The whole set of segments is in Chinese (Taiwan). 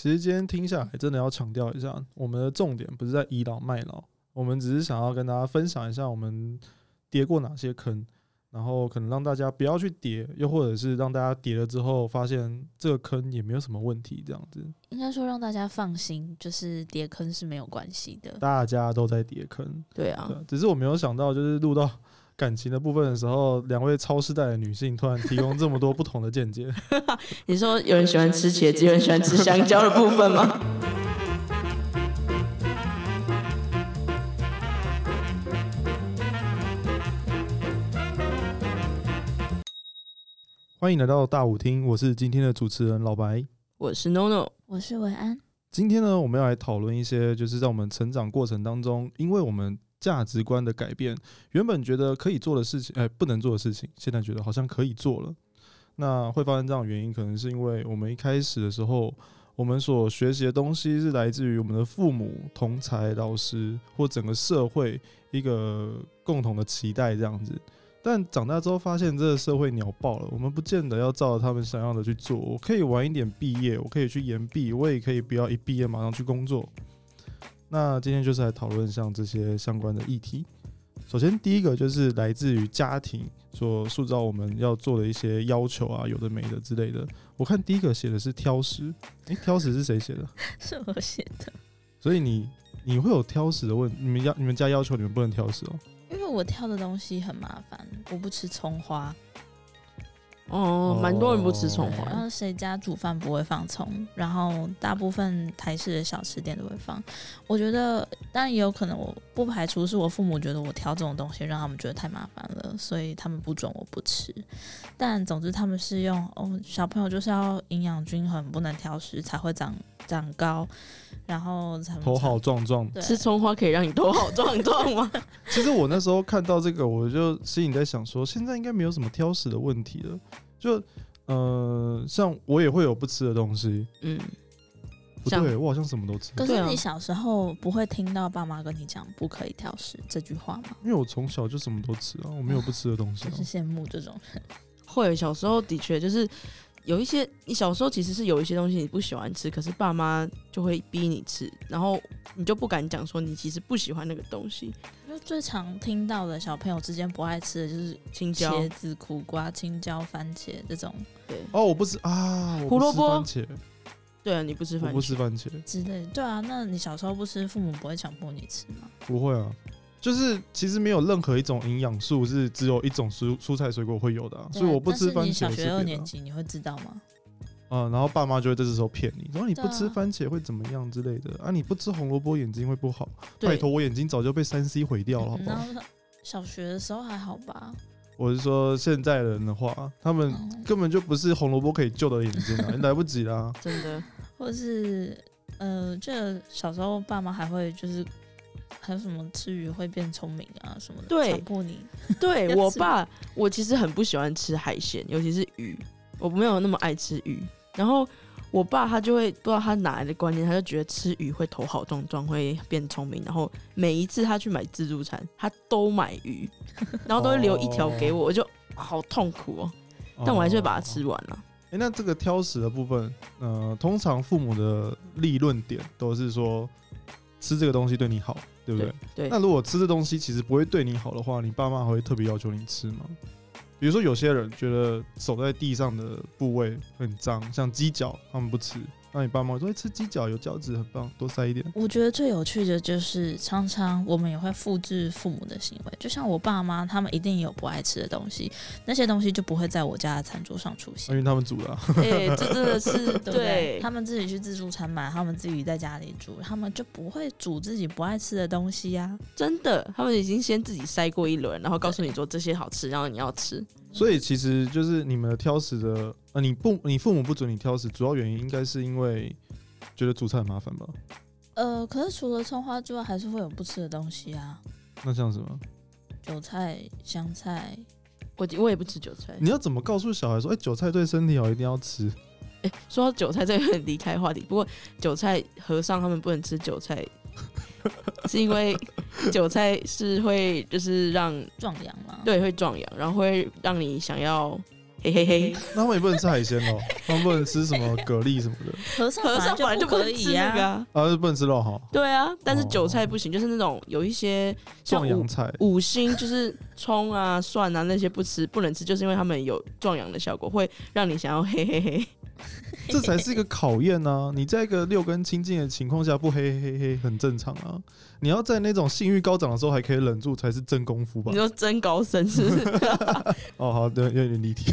其實今天聽下來，真的要強調一下，我們的重點不是在倚老賣老，我們只是想要跟大家分享一下我們跌過哪些坑，然後可能讓大家不要去跌，又或者是讓大家跌了之後發現這個坑也沒有什麼問題，這樣子。應該說，讓大家放心，就是跌坑是沒有關係的。大家都在跌坑，對啊，對，只是我沒有想到就是錄到感情的部分的時候，兩位超世代的女性突然提供這麼多不同的見解。 你說有人喜歡吃茄子，有人喜歡吃香蕉的部分嗎？ 歡迎來到大舞廳，我是今天的主持人老白，我是 NONO，我是文安。今天呢，我們要來討論一些，就是在我們成長過程當中，因為我們。價值觀的改變，原本覺得可以做的事情，哎，不能做的事情，現在覺得好像可以做了。那會發生這樣的原因，可能是因為我們一開始的時候，我們所學習的東西是來自於我們的父母、同儕、老師或整個社會一個共同的期待這樣子。但長大之後發現，這個社會鳥爆了，我們不見得要照著他們想要的去做。我可以晚一點畢業，我可以去延畢，我也可以不要一畢業馬上去工作。那今天就是來討論像這些相關的議題。首先，第一個就是來自於家庭所塑造我們要做的一些要求啊，有的沒的之類的。我看第一個寫的是挑食，欸，挑食是誰寫的？ 是我寫的。所以你你會有挑食的問？你們家你們家要求你們不能挑食喔？因為我挑的東西很麻煩，我不吃蔥花。哦，蠻多人不吃蔥花。哦，然後誰家煮飯不會放蔥？然後大部分台式的小吃店都會放。我覺得，但也有可能，我不排除是我父母覺得我挑這種東西，讓他們覺得太麻煩了，所以他們不准我不吃。但總之他們是用，哦，小朋友就是要營養均衡，不能挑食才會長長高，然後才才頭好壯壯。吃蔥花可以讓你頭好壯壯嗎？ 其實我那時候看到這個，我就心裡在想說，現在應該沒有什麼挑食的問題了。就，嗯、呃，像我也會有不吃的東西。嗯，不對，我好像什麼都吃。可是你小時候不會聽到爸媽跟你講“不可以挑食”這句話嗎？因為我從小就什麼都吃啊，我沒有不吃的東西、啊。我 是羨慕這種會 會，小時候的確就是。有一些，你小時候其實是有一些東西你不喜歡吃，可是爸媽就會逼你吃，然後你就不敢講說你其實不喜歡那個東西。因為最常聽到的小朋友之間不愛吃的就是青椒、茄子、苦瓜、青椒、番茄這種。對。哦，我不吃啊，胡蘿蔔、番茄。對啊，你不吃番茄，我不吃番茄之類。對啊，那你小時候不吃，父母不會強迫你吃嗎？不會啊。就是其實沒有任何一種營養素是只有一種蔬蔬菜水果會有的、啊，所以我不吃番茄、啊。你小學二年級你會知道嗎？啊、嗯，然後爸媽就會這時候騙你，然後你不吃番茄會怎麼樣之類的啊，啊？你不吃紅蘿蔔眼睛會不好，拜託我眼睛早就被三 C 毀掉了，好不好？嗯、小學的時候還好吧？我是說現在人的話，他們根本就不是紅蘿蔔可以救的眼睛啊 你來不及啦。真的，或是呃，這小時候爸媽還會就是。還有什麼吃魚會變聰明啊什麼的，對，強迫你，對 我爸，我其實很不喜歡吃海鮮，尤其是魚，我沒有那麼愛吃魚。然後我爸他就會不知道他哪來的觀念，他就覺得吃魚會頭好壯壯，會變聰明。然後每一次他去買自助餐，他都買魚， 然後都會留一條給我，我就好痛苦哦、啊。但我還是會把它吃完了哎、oh. oh. oh. 欸，那這個挑食的部分，嗯、呃，通常父母的立論點都是說吃這個東西對你好。對不對？對，對。那如果吃的東西其實不會對你好的話，你爸媽還會特別要求你吃嗎？比如說，有些人覺得手在地上的部位很髒，像雞腳，他們不吃。那、啊、你爸媽都會吃雞腳，有膠質很棒，多塞一點。我覺得最有趣的就是，常常我們也會複製父母的行為。就像我爸媽，他們一定有不愛吃的東西，那些東西就不會在我家的餐桌上出現。因為他們煮了。對、欸，這真的是 對，對，他們自己去自助餐買，他們自己在家裡煮，他們就不會煮自己不愛吃的東西呀、啊。真的，他們已經先自己塞過一輪，然後告訴你說這些好吃，然後你要吃。所以其實就是你們挑食的，啊、呃，你不你父母不准你挑食，主要原因應該是因為覺得煮菜很麻煩吧？呃，可是除了蔥花之外，還是會有不吃的東西啊。那像什麼？韭菜、香菜，我我也不吃韭菜。你要怎麼告訴小孩說，哎、欸，韭菜對身體好，一定要吃？欸、說韭菜，這個有點離開話題。不過韭菜和尚他們不能吃韭菜。 是因為韭菜是會就是讓壯陽嘛？對，會壯陽，然後會讓你想要嘿嘿嘿。他們也不能吃海鮮哦， 他們不能吃什麼蛤蜊什麼的。和尚本來就可以吃啊，啊，就不能吃肉哈。對啊，但是韭菜不行，就是那種有一些壯陽菜，五辛就是蔥啊、蒜啊那些不吃，不能吃，就是因為他們有壯陽的效果，會讓你想要嘿嘿嘿。 這才是一個考驗呢、啊！你在一個六根清淨的情況下不嘿嘿嘿很正常啊！你要在那種性慾高漲的時候還可以忍住，才是真功夫吧？你說真高深是不是？ 哦，好的，有點離題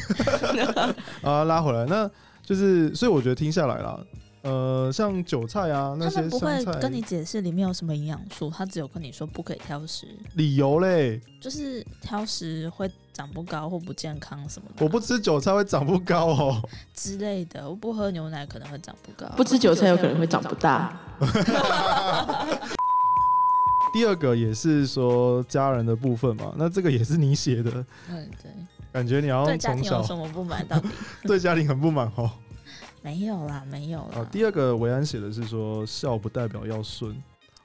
啊，拉回來，那就是，所以我覺得聽下來啦。呃，像韭菜啊那些菜，他不會跟你解釋裡面有什麼營養素，他只有跟你說不可以挑食，理由嘞，就是挑食會長不高或不健康什麼的。我不吃韭菜會長不高哦、喔嗯、之類的，我不喝牛奶可能會長不高，不吃韭菜有可能會長不大、啊。不吃韭菜有可能會長不大啊、 第二個也是說家人的部分嘛，那這個也是你寫的，嗯對，對，感覺你要對家庭有什麼不滿？到底 對家庭很不滿哦。沒有啦，沒有了。啊，第二個維安寫的是說，孝不代表要順。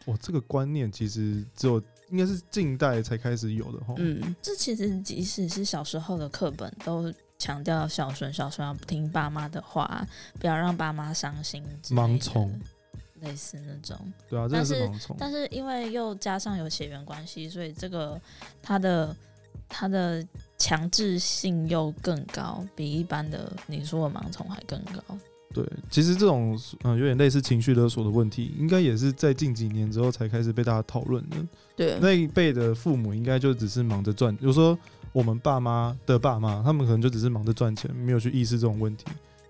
哇，這個觀念其實只有應該是近代才開始有的。嗯，這其實即使是小時候的課本都強調孝順，孝順要聽爸媽的話，不要讓爸媽傷心，盲從，類似那種。對啊，這個是盲從。但是因為又加上有血緣關係，所以這個他的他的強制性又更高，比一般的你說的盲從還更高。對，其實這種嗯、呃，有點類似情緒勒索的問題，應該也是在近幾年之後才開始被大家討論的。對，那一輩的父母應該就只是忙着賺，比如說我們爸媽的爸媽，他們可能就只是忙着賺錢，沒有去意識這種問題，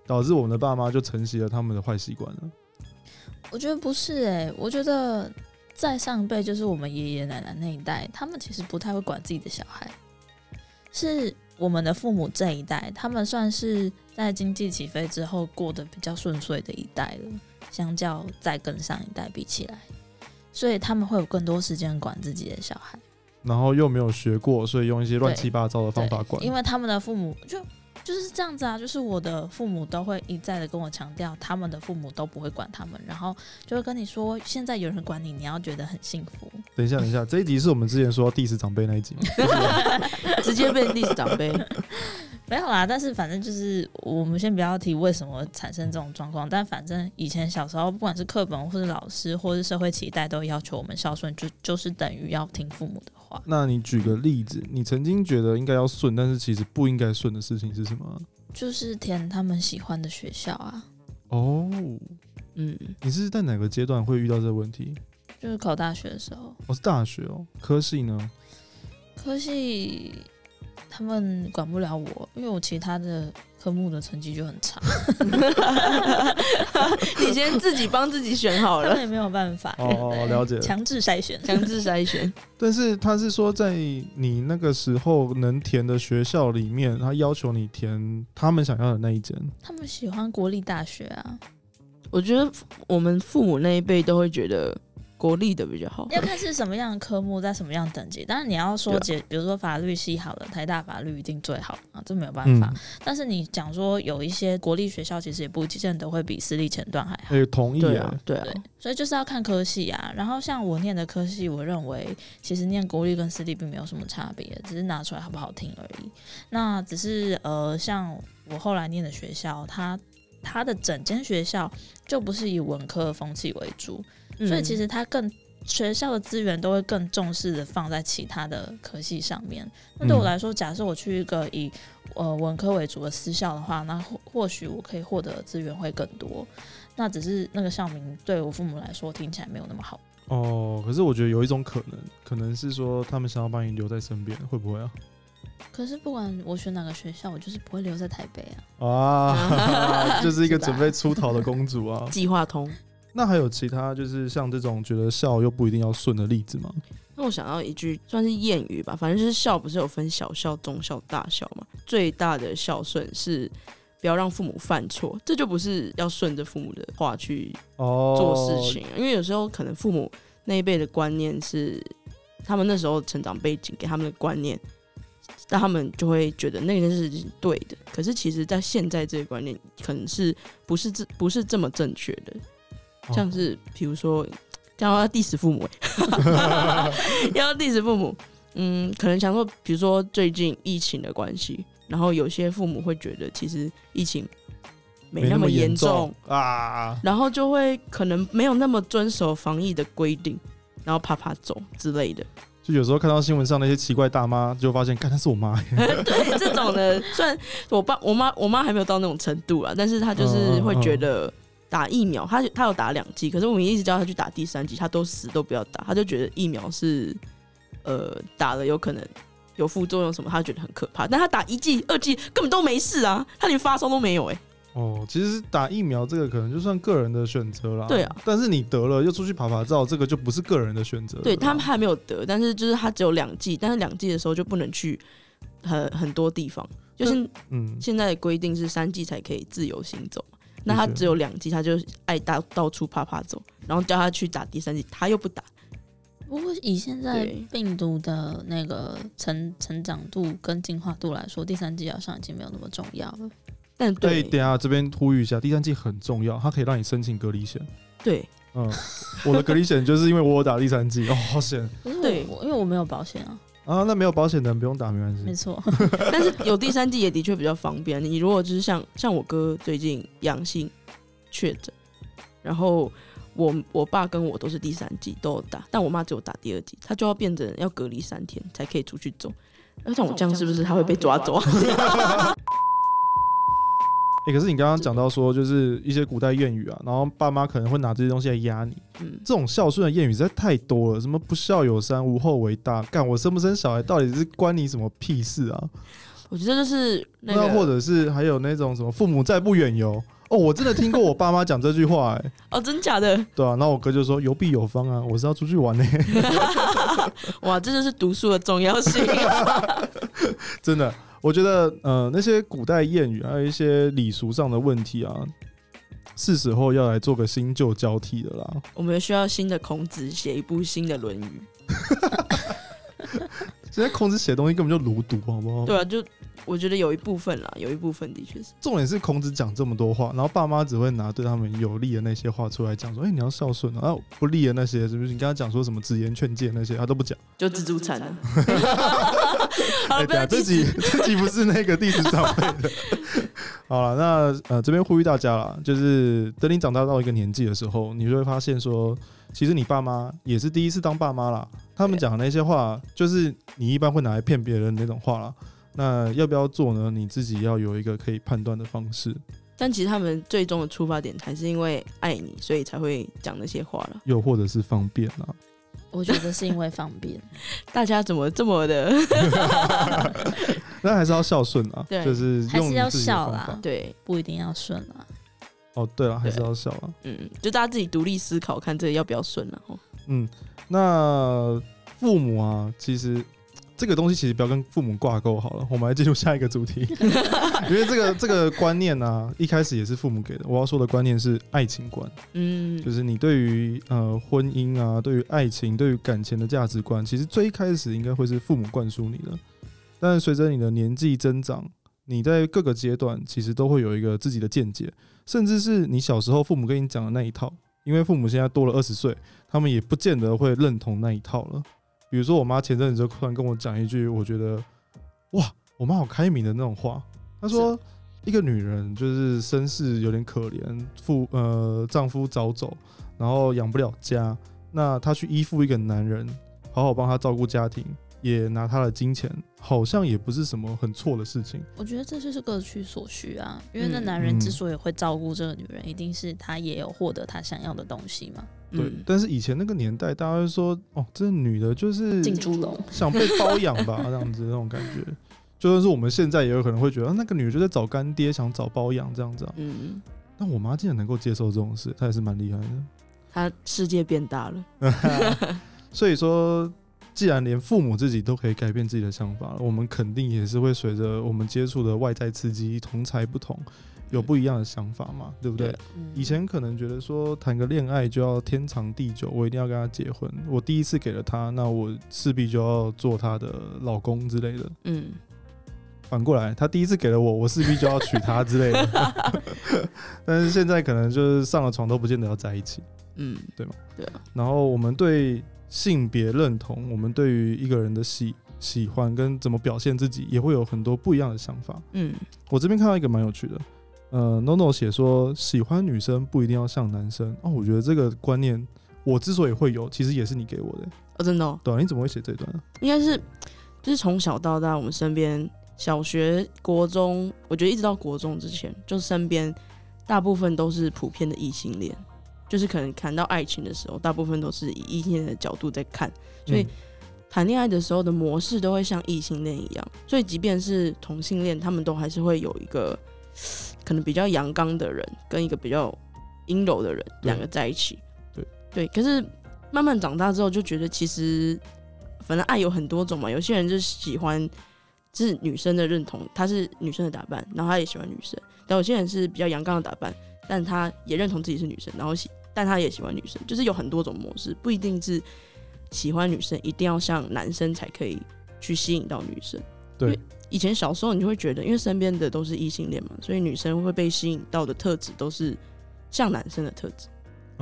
導致我們的爸媽就承襲了他們的壞習慣了。我覺得不是哎、欸，我覺得在上輩，就是我們爺爺奶奶那一代，他們其實不太會管自己的小孩，是。我們的父母這一代，他們算是在經濟起飛之後過得比較順遂的一代了，相較再跟上一代比起來，所以他們會有更多時間管自己的小孩，然後又沒有學過，所以用一些亂七八糟的方法管，因為他們的父母就。就是這樣子啊，就是我的父母都會一再的跟我強調，他們的父母都不會管他們，然後就會跟你說，現在有人管你，你要覺得很幸福。等一下，等一下，這一集是我們之前說第四長輩那一集， 是吧 直接被第四長輩， 沒有啦，但是反正就是，我們先不要提為什麼產生這種狀況，但反正以前小時候，不管是課本或者老師，或是社會期待，都要求我們孝順，就就是等於要聽父母的話。那你舉個例子，你曾經覺得應該要順，但是其實不應該順的事情是什麼？就是填他們喜歡的學校啊。哦，嗯，你是在哪個階段會遇到這個問題？就是考大學的時候。我、哦、是大學哦，科系呢？科系他們管不了我，因為我其他的。科目的成績就很差，你先自己幫自己選好了， 那也沒有辦法。 哦，了解，強制篩選，強制篩選 。但是他是說，在你那個時候能填的學校裡面，他要求你填他們想要的那一間。他們喜歡國立大學啊。我覺得我們父母那一輩都會覺得。國立的比較好，要看是什麼樣的科目，在什麼樣等級。 當然你要說解、啊，比如說法律系好了，台大法律一定最好啊，這沒有辦法。嗯、但是你講說有一些國立學校，其實也不見得會比私立前段還好。也同意啊，對啊,對啊對。所以就是要看科系啊。然後像我念的科系，我認為其實念國立跟私立並沒有什麼差別，只是拿出來好不好聽而已。那只是呃，像我後來念的學校，它它的整間學校就不是以文科的風氣為主。所以其實他更學校的資源都會更重視的放在其他的科系上面。那對我來說，假設我去一個以呃文科為主的私校的話，那或或許我可以獲得資源會更多。那只是那個校名對我父母來說聽起來沒有那麼好。哦，可是我覺得有一種可能，可能是說他們想要把你留在身邊，會不會啊？可是不管我選哪個學校，我就是不會留在台北啊。啊， 就是一個準備出逃的公主啊！ 計劃通。那還有其他就是像這種覺得孝又不一定要順的例子嗎？那我想到一句算是諺語吧，反正就是孝不是有分小孝、中孝、大孝嘛。最大的孝順是不要讓父母犯錯，這就不是要順着父母的話去做事情啊，Oh. 因為有時候可能父母那一輩的觀念是他們那時候成長背景給他們的觀念，那他們就會覺得那件事情是對的，可是其實在現在這個觀念可能是不是這不是這麼正確的。像是比如說，講到地死父母，要 第十父母，嗯，可能想說，比如說最近疫情的關係，然後有些父母會覺得其實疫情沒那麼嚴重，沒那麼嚴重啊，然後就會可能沒有那麼遵守防疫的規定，然後趴趴走之類的。就有時候看到新聞上那些奇怪大媽，就發現，看她是我媽、欸。對，這種的， 雖然我爸、我媽、我媽還沒有到那種程度啊，但是她就是會覺得。嗯嗯嗯打疫苗，他他有打兩劑，可是我們一直叫他去打第三劑，他都死都不要打，他就覺得疫苗是呃打了有可能有副作用什麼，他覺得很可怕。但他打一劑、二劑根本都沒事啊，他連發燒都沒有哎、欸。哦，其實打疫苗這個可能就算個人的選擇啦。對啊。但是你得了又出去爬爬照，這個就不是個人的選擇。對，他們還沒有得，但是就是他只有兩劑，但是兩劑的時候就不能去很很多地方，就是嗯，現在的規定是三劑才可以自由行走。那他只有兩劑，他就愛到到處趴趴走，然後叫他去打第三劑，他又不打。不過以現在病毒的那個成成長度跟進化度來說，第三劑好像已經沒有那麼重要了。但對，等下這邊呼籲一下，第三劑很重要，它可以讓你申請隔離險。對，嗯，我的隔離險就是因為我有打第三劑 哦，好險。對，因為我沒有保險啊。啊，那沒有保險的人不用打沒關係。沒錯， 但是有第三劑也的確比較方便。你如果就是像像我哥最近陽性確診，然後我我爸跟我都是第三劑都有打，但我媽只有打第二劑，她就要變成要隔離三天才可以出去走。那、啊、像我這樣是不是她會被抓走？啊哎、欸，可是你剛剛講到說，就是一些古代諺語啊，然後爸媽可能會拿這些東西來壓你。嗯、這種孝順的諺語實在太多了，什麼不孝有三，無後為大。幹我生不生小孩，到底是關你什麼屁事啊？我覺得就是那，個、那或者是還有那種什麼父母在不遠遊。哦，我真的聽過我爸媽講這句話、欸，哎， 哦，真假的？對啊，那我哥就說遊必有方啊，我是要出去玩的、欸、 哇，這就是讀書的重要性、啊、 真的。我覺得，呃，那些古代諺語，還有一些禮俗上的問題啊，是時候要來做個新舊交替的啦。我們需要新的孔子寫一部新的《論語》 。 現在孔子寫的東西根本就荼毒，好不好？對啊，就。我覺得有一部分啦，有一部分的確是，重點是孔子講這麼多話，然後爸媽只會拿對他們有利的那些話出來講，說：“哎、欸，你要孝順啊。啊”不利的那些，是不是你跟他講說什麼直言勸諫那些，他、啊、都不講，就自助餐。哈 哈、 欸、自己 自己不是那個地上子長。 好了，那呃，這邊呼籲大家了，就是等你長大到一個年紀的時候，你就會發現說，其實你爸媽也是第一次當爸媽啦。Okay. 他們講的那些話，就是你一般會拿來騙別人那種話了。那要不要做呢？你自己要有一個可以判斷的方式。但其實他們最終的出發點還是因為愛你，所以才會講那些話了。又或者是方便呢？我覺得是因為方便， 大家怎麼這麼的？那 還是要孝順啊，就是還是要孝啦對，對，不一定要順啊。哦，對了，啊，還是要孝啊，啊，嗯，就大家自己獨立思考，看這個要不要順啊。嗯，那父母啊，其實。這個東西其實不要跟父母掛鈎好了，我們來進入下一個主題，因為這個這個觀念呢、啊，一開始也是父母給的。我要說的觀念是愛情觀，嗯，就是你對於呃婚姻啊、對於愛情、對於感情的價值觀，其實最一開始應該會是父母灌輸你的，但是隨着你的年紀增長，你在各個階段其實都會有一個自己的見解，甚至是你小時候父母跟你講的那一套，因為父母現在多了二十歲，他們也不見得會認同那一套了。比如說，我媽前陣子就突然跟我講一句，我覺得，哇，我媽好開明的那種話。她說，一個女人就是身世有點可憐，父，呃，丈夫早走，然後養不了家，那她去依附一個男人，好好幫他照顧家庭。也拿他的金錢，好像也不是什麼很錯的事情。我覺得這就是各取所需啊。因為那男人之所以會照顧這個女人，嗯，一定是他也有獲得他想要的東西嘛。對、嗯。但是以前那個年代，大家會說哦，這女的就是進豬籠，想被包養吧，這樣子那種感覺。 就算是我們現在，也有可能會覺得那個女的就在找乾爹，想找包養這樣子、啊。嗯。但我媽竟然能夠接受這種事，她也是蠻厲害的。她世界變大了。 所以說。既然連父母自己都可以改變自己的想法，我們肯定也是會隨着我們接觸的外在刺激，同儕不同，有不一樣的想法嘛，對，對不對，對、啊嗯？以前可能覺得說談個戀愛就要天長地久，我一定要跟他結婚，我第一次給了他，那我勢必就要做他的老公之類的。嗯，反過來，他第一次給了我，我勢必就要娶他之類的。 但是現在可能就是上了床都不見得要在一起，嗯，對嗎？對啊。然後我們對性別認同，我們對於一個人的喜喜歡跟怎麼表現自己，也會有很多不一樣的想法。嗯，我這邊看到一個蠻有趣的，呃，NoNo 寫說喜歡女生不一定要像男生。哦，我覺得這個觀念，我之所以會有，其實也是你給我的。啊、哦，真的哦？對啊，你怎麼會寫這段啊？應該是，就是從小到大，我們身邊小學、國中，我覺得一直到國中之前，就是身邊大部分都是普遍的異性戀。就是可能談到愛情的時候，大部分都是以異性的角度在看，所以談戀、嗯、愛的時候的模式都會像異性戀一樣。所以即便是同性戀，他們都還是會有一個可能比較陽剛的人跟一個比較陰柔的人兩個在一起對。對，對。可是慢慢長大之後，就覺得其實反正愛有很多種嘛。有些人就喜歡是女生的認同，她是女生的打扮，然後她也喜歡女生。但有些人是比較陽剛的打扮，但她也認同自己是女生，然後喜。但他也喜歡女生，就是有很多種模式，不一定是喜歡女生一定要像男生才可以去吸引到女生。對，以前小時候你就會覺得，因為身邊的都是異性戀嘛，所以女生會被吸引到的特質都是像男生的特質。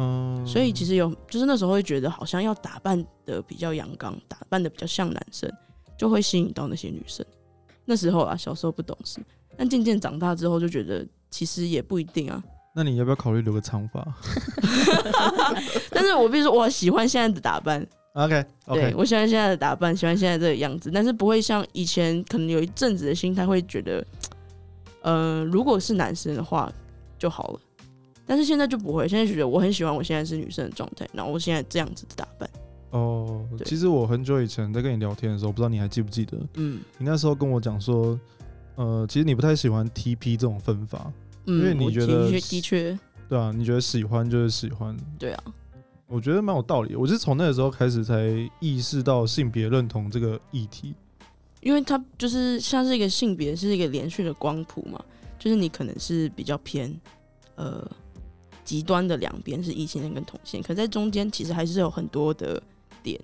嗯，所以其實有，就是那時候會覺得，好像要打扮得比較陽剛，打扮得比較像男生，就會吸引到那些女生。那時候啊，小時候不懂事，但漸漸長大之後就覺得，其實也不一定啊。那你要不要考慮留個長髮？ 但是，我必須說，我喜歡現在的打扮。OK，OK，okay, okay 我喜歡現在的打扮，喜歡現在的這個樣子，但是不會像以前，可能有一陣子的心態會覺得，嗯、呃，如果是男生的話就好了。但是現在就不會，現在覺得我很喜歡我現在是女生的狀態，然後我現在這樣子的打扮。哦，其實我很久以前在跟你聊天的時候，不知道你還記不記得？嗯，你那時候跟我講說，呃，其實你不太喜歡 TP 這種分法。因為你覺得、嗯、的確，對啊，你覺得喜歡就是喜歡，對啊，我覺得蠻有道理。我是從那個時候開始才意識到性別認同這個議題，因為它就是像是一個性別是一個連續的光譜嘛，就是你可能是比較偏呃極端的兩邊是異性戀跟同性，可在中間其實還是有很多的點，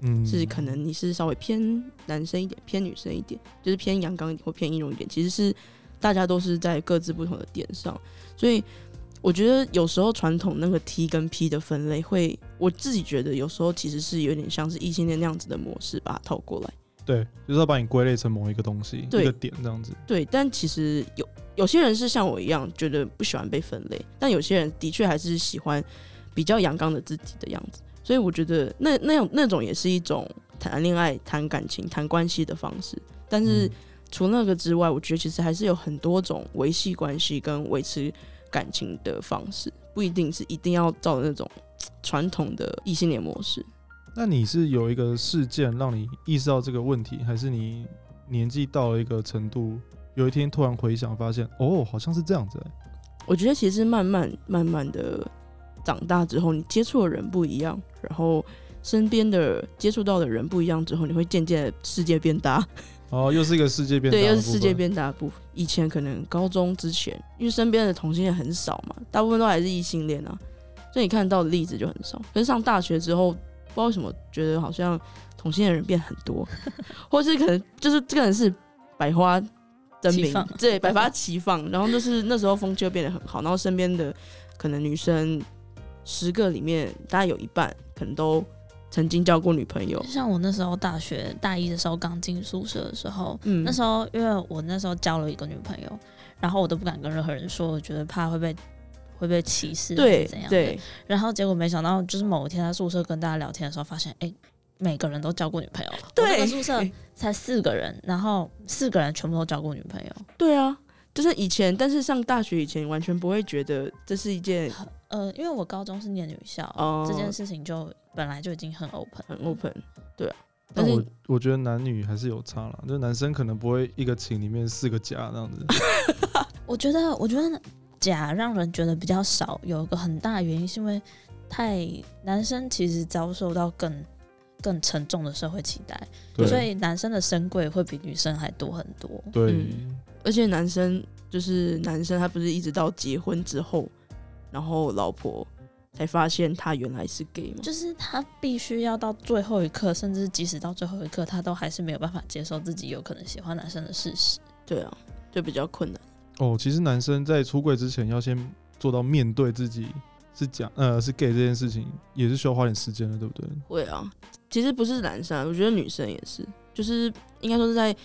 嗯，是可能你是稍微偏男生一點，偏女生一點，就是偏陽剛一點或偏陰柔一點，其實是。大家都是在各自不同的點上，所以我覺得有時候傳統那個 T 跟 P 的分類會，我自己覺得有時候其實是有點像是異性戀那樣子的模式，把它套過來。對，就是要把你歸類成某一個東西，對，一個點這樣子。對，但其實有有些人是像我一樣，覺得不喜歡被分類，但有些人的確還是喜歡比較陽剛的自己的樣子。所以我覺得那那那種也是一種談戀愛、談感情、談關係的方式，但是，嗯除那個之外，我覺得其實還是有很多種維繫關係跟維持感情的方式，不一定是一定要照那種傳統的異性戀模式。那你是有一個事件讓你意識到這個問題，還是你年紀到了一個程度，有一天突然回想發現，哦，好像是這樣子？我覺得其實慢慢慢慢的長大之後，你接觸的人不一樣，然後身邊的接觸到的人不一樣之後，你會漸漸的世界變大。哦，又是一個世界變大部分。對，又是世界變大不，以前可能高中之前，因為身邊的同性戀很少嘛，大部分都還是異性戀啊，所以你看到的例子就很少。可是上大學之後，不知道為什麼覺得好像同性戀人變很多， 或是可能就是這個人是百花爭鳴，對，百花齊放。 然後就是那時候風氣就變得很好，然後身邊的可能女生十個裡面，大概有一半可能都。曾經交過女朋友，就像我那時候大學大一的時候剛進宿舍的時候，嗯、那時候因為我那時候交了一個女朋友，然後我都不敢跟任何人說，我覺得怕會被會被歧視，對，還是怎樣的，對，然後結果沒想到，就是某一天在宿舍跟大家聊天的時候，發現，哎、欸，每個人都交過女朋友，對，我們宿舍才四個人、欸，然後四個人全部都交過女朋友，對啊，就是以前，但是上大學以前完全不會覺得這是一件，呃，因為我高中是念女校，呃、這件事情就。本來就已經很 open，很 open，對啊。但是但我，我覺得男女還是有差了，就男生可能不會一個情裡面四個假那樣子。 我覺得，我覺得假讓人覺得比較少，有一個很大的原因是因為太男生其實遭受到更更沉重的社會期待，對。所以男生的深櫃會比女生還多很多。對，嗯、而且男生就是男生，他不是一直到結婚之後，然後老婆。才發現他原來是 gay 嘛？就是他必須要到最後一刻，甚至即使到最後一刻，他都還是沒有辦法接受自己有可能喜歡男生的事實。對啊，就比較困難。哦，其實男生在出櫃之前要先做到面對自己是假呃是 gay 這件事情，也是需要花點時間的，對不對？會啊，其實不是男生啊，我覺得女生也是，就是應該說是在。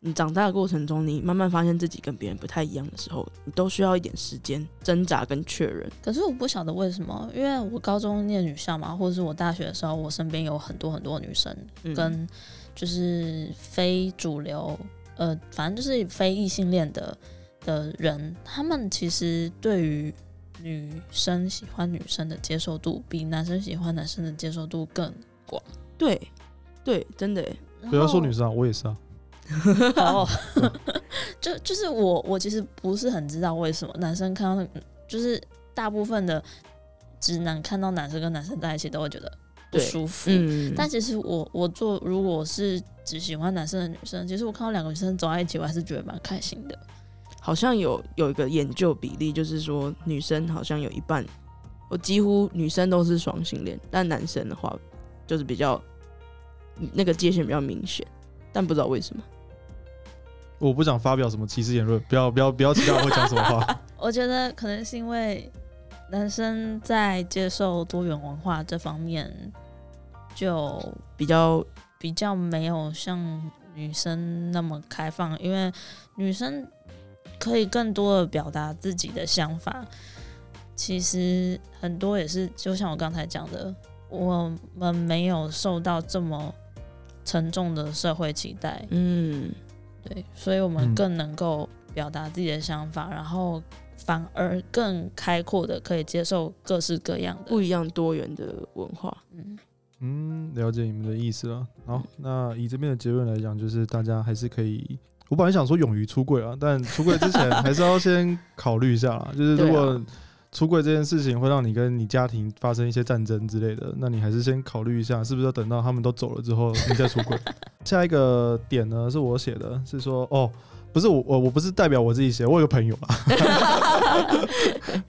你長大的過程中，你慢慢發現自己跟別人不太一樣的時候，你都需要一點時間掙扎跟確認。可是我不曉得為什麼，因為我高中念女校嘛，或者是我大學的時候，我身邊有很多很多女生、嗯、跟就是非主流，呃，反正就是非異性戀的的人，他們其實對於女生喜歡女生的接受度，比男生喜歡男生的接受度更廣。對，對，真的。不要說女生啊，我也是啊。然 後、哦啊、 就就是我，我其實不是很知道為什麼男生看到就是大部分的直男看到男生跟男生在一起都會覺得不舒服。嗯嗯、但其實我我做如果是只喜歡男生的女生，其實我看到兩個女生走在一起，我還是覺得蠻開心的。好像有有一個研究比例，就是說女生好像有一半，我幾乎女生都是雙性戀，但男生的話就是比較那個界限比較明顯，但不知道為什麼。我不想發表什麼歧視言論，不要不要不要其他人會講什麼話 。 我覺得可能是因為男生在接受多元文化這方面就比較比較沒有像女生那麼開放，因為女生可以更多的表達自己的想法。其實很多也是就像我剛才講的，我們沒有受到這麼沉重的社會期待。嗯。對，所以我們更能夠表達自己的想法，嗯，然後反而更開闊的可以接受各式各樣的不一樣多元的文化嗯。嗯，了解你們的意思了。好，嗯、那以這邊的結論來講，就是大家還是可以。我本來想說勇於出櫃啊，但出櫃之前還是要先考慮一下啦。 就是如果、啊。出軌這件事情會讓你跟你家庭發生一些戰爭之類的，那你還是先考慮一下，是不是要等到他們都走了之後你再出軌。 下一個點呢是我寫的，是說哦，不是我我我不是代表我自己寫，我有個朋友啊。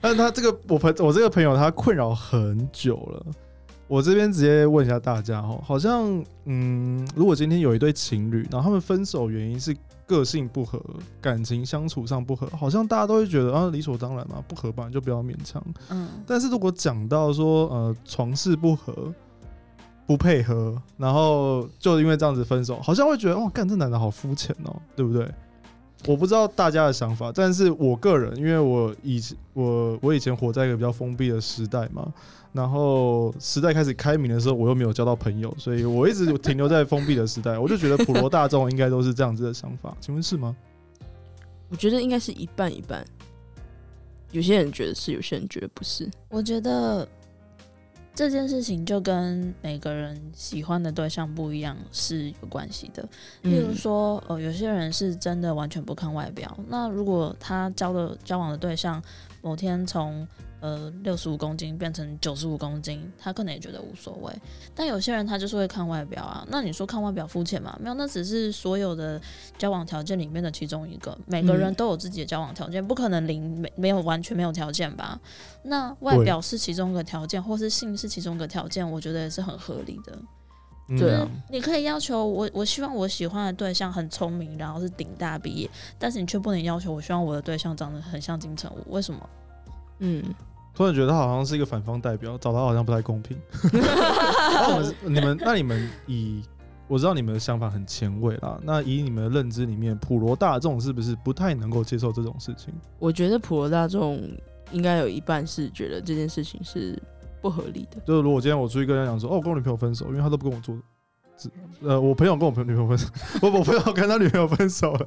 但他這個我朋我這個朋友他困擾很久了。我這邊直接問一下大家哦，好像嗯，如果今天有一對情侶，然後他們分手原因是？個性不合，感情相處上不合，好像大家都會覺得啊，理所當然嘛，不合吧就不要勉強。嗯，但是如果講到說，呃，床事不合，不配合，然後就因為這樣子分手，好像會覺得哦，幹，這男的好膚淺哦，對不對？我不知道大家的想法，但是我個人，因為我以我我以前活在一個比較封閉的時代嘛。然後時代開始開明的時候，我又沒有交到朋友，所以我一直停留在封閉的時代。 我就覺得普羅大眾應該都是這樣子的想法，請問是嗎？我覺得應該是一半一半，有些人覺得是，有些人覺得不是。我覺得這件事情就跟每個人喜歡的對象不一樣是有關係的。嗯。例如說，呃，有些人是真的完全不看外表，那如果他交的交往的對象某天從。呃，六十五公斤變成九十五公斤，他可能也覺得無所謂。但有些人他就是會看外表啊。那你說看外表膚淺嗎？沒有，那只是所有的交往條件裡面的其中一個。每個人都有自己的交往條件，嗯，不可能零沒沒有完全沒有條件吧？那外表是其中一個條件，或是性是其中一個條件，我覺得也是很合理的。對，嗯，你可以要求我，我希望我喜歡的對象很聰明，然後是頂大畢業，但是你卻不能要求我希望我的對象長得很像金城武，為什麼？嗯。突然覺得他好像是一個反方代表，找他好像不太公平。那我們、你們、那你們以我知道你們的想法很前衛啦。那以你們的認知裡面，普羅大眾是不是不太能夠接受這種事情？我覺得普羅大眾應該有一半是覺得這件事情是不合理的。就是如果今天我出去跟人家講說，哦，我跟我女朋友分手，因為他都不跟我做。呃，我朋友跟我朋友女朋友分手，我我朋友跟他女朋友分手了，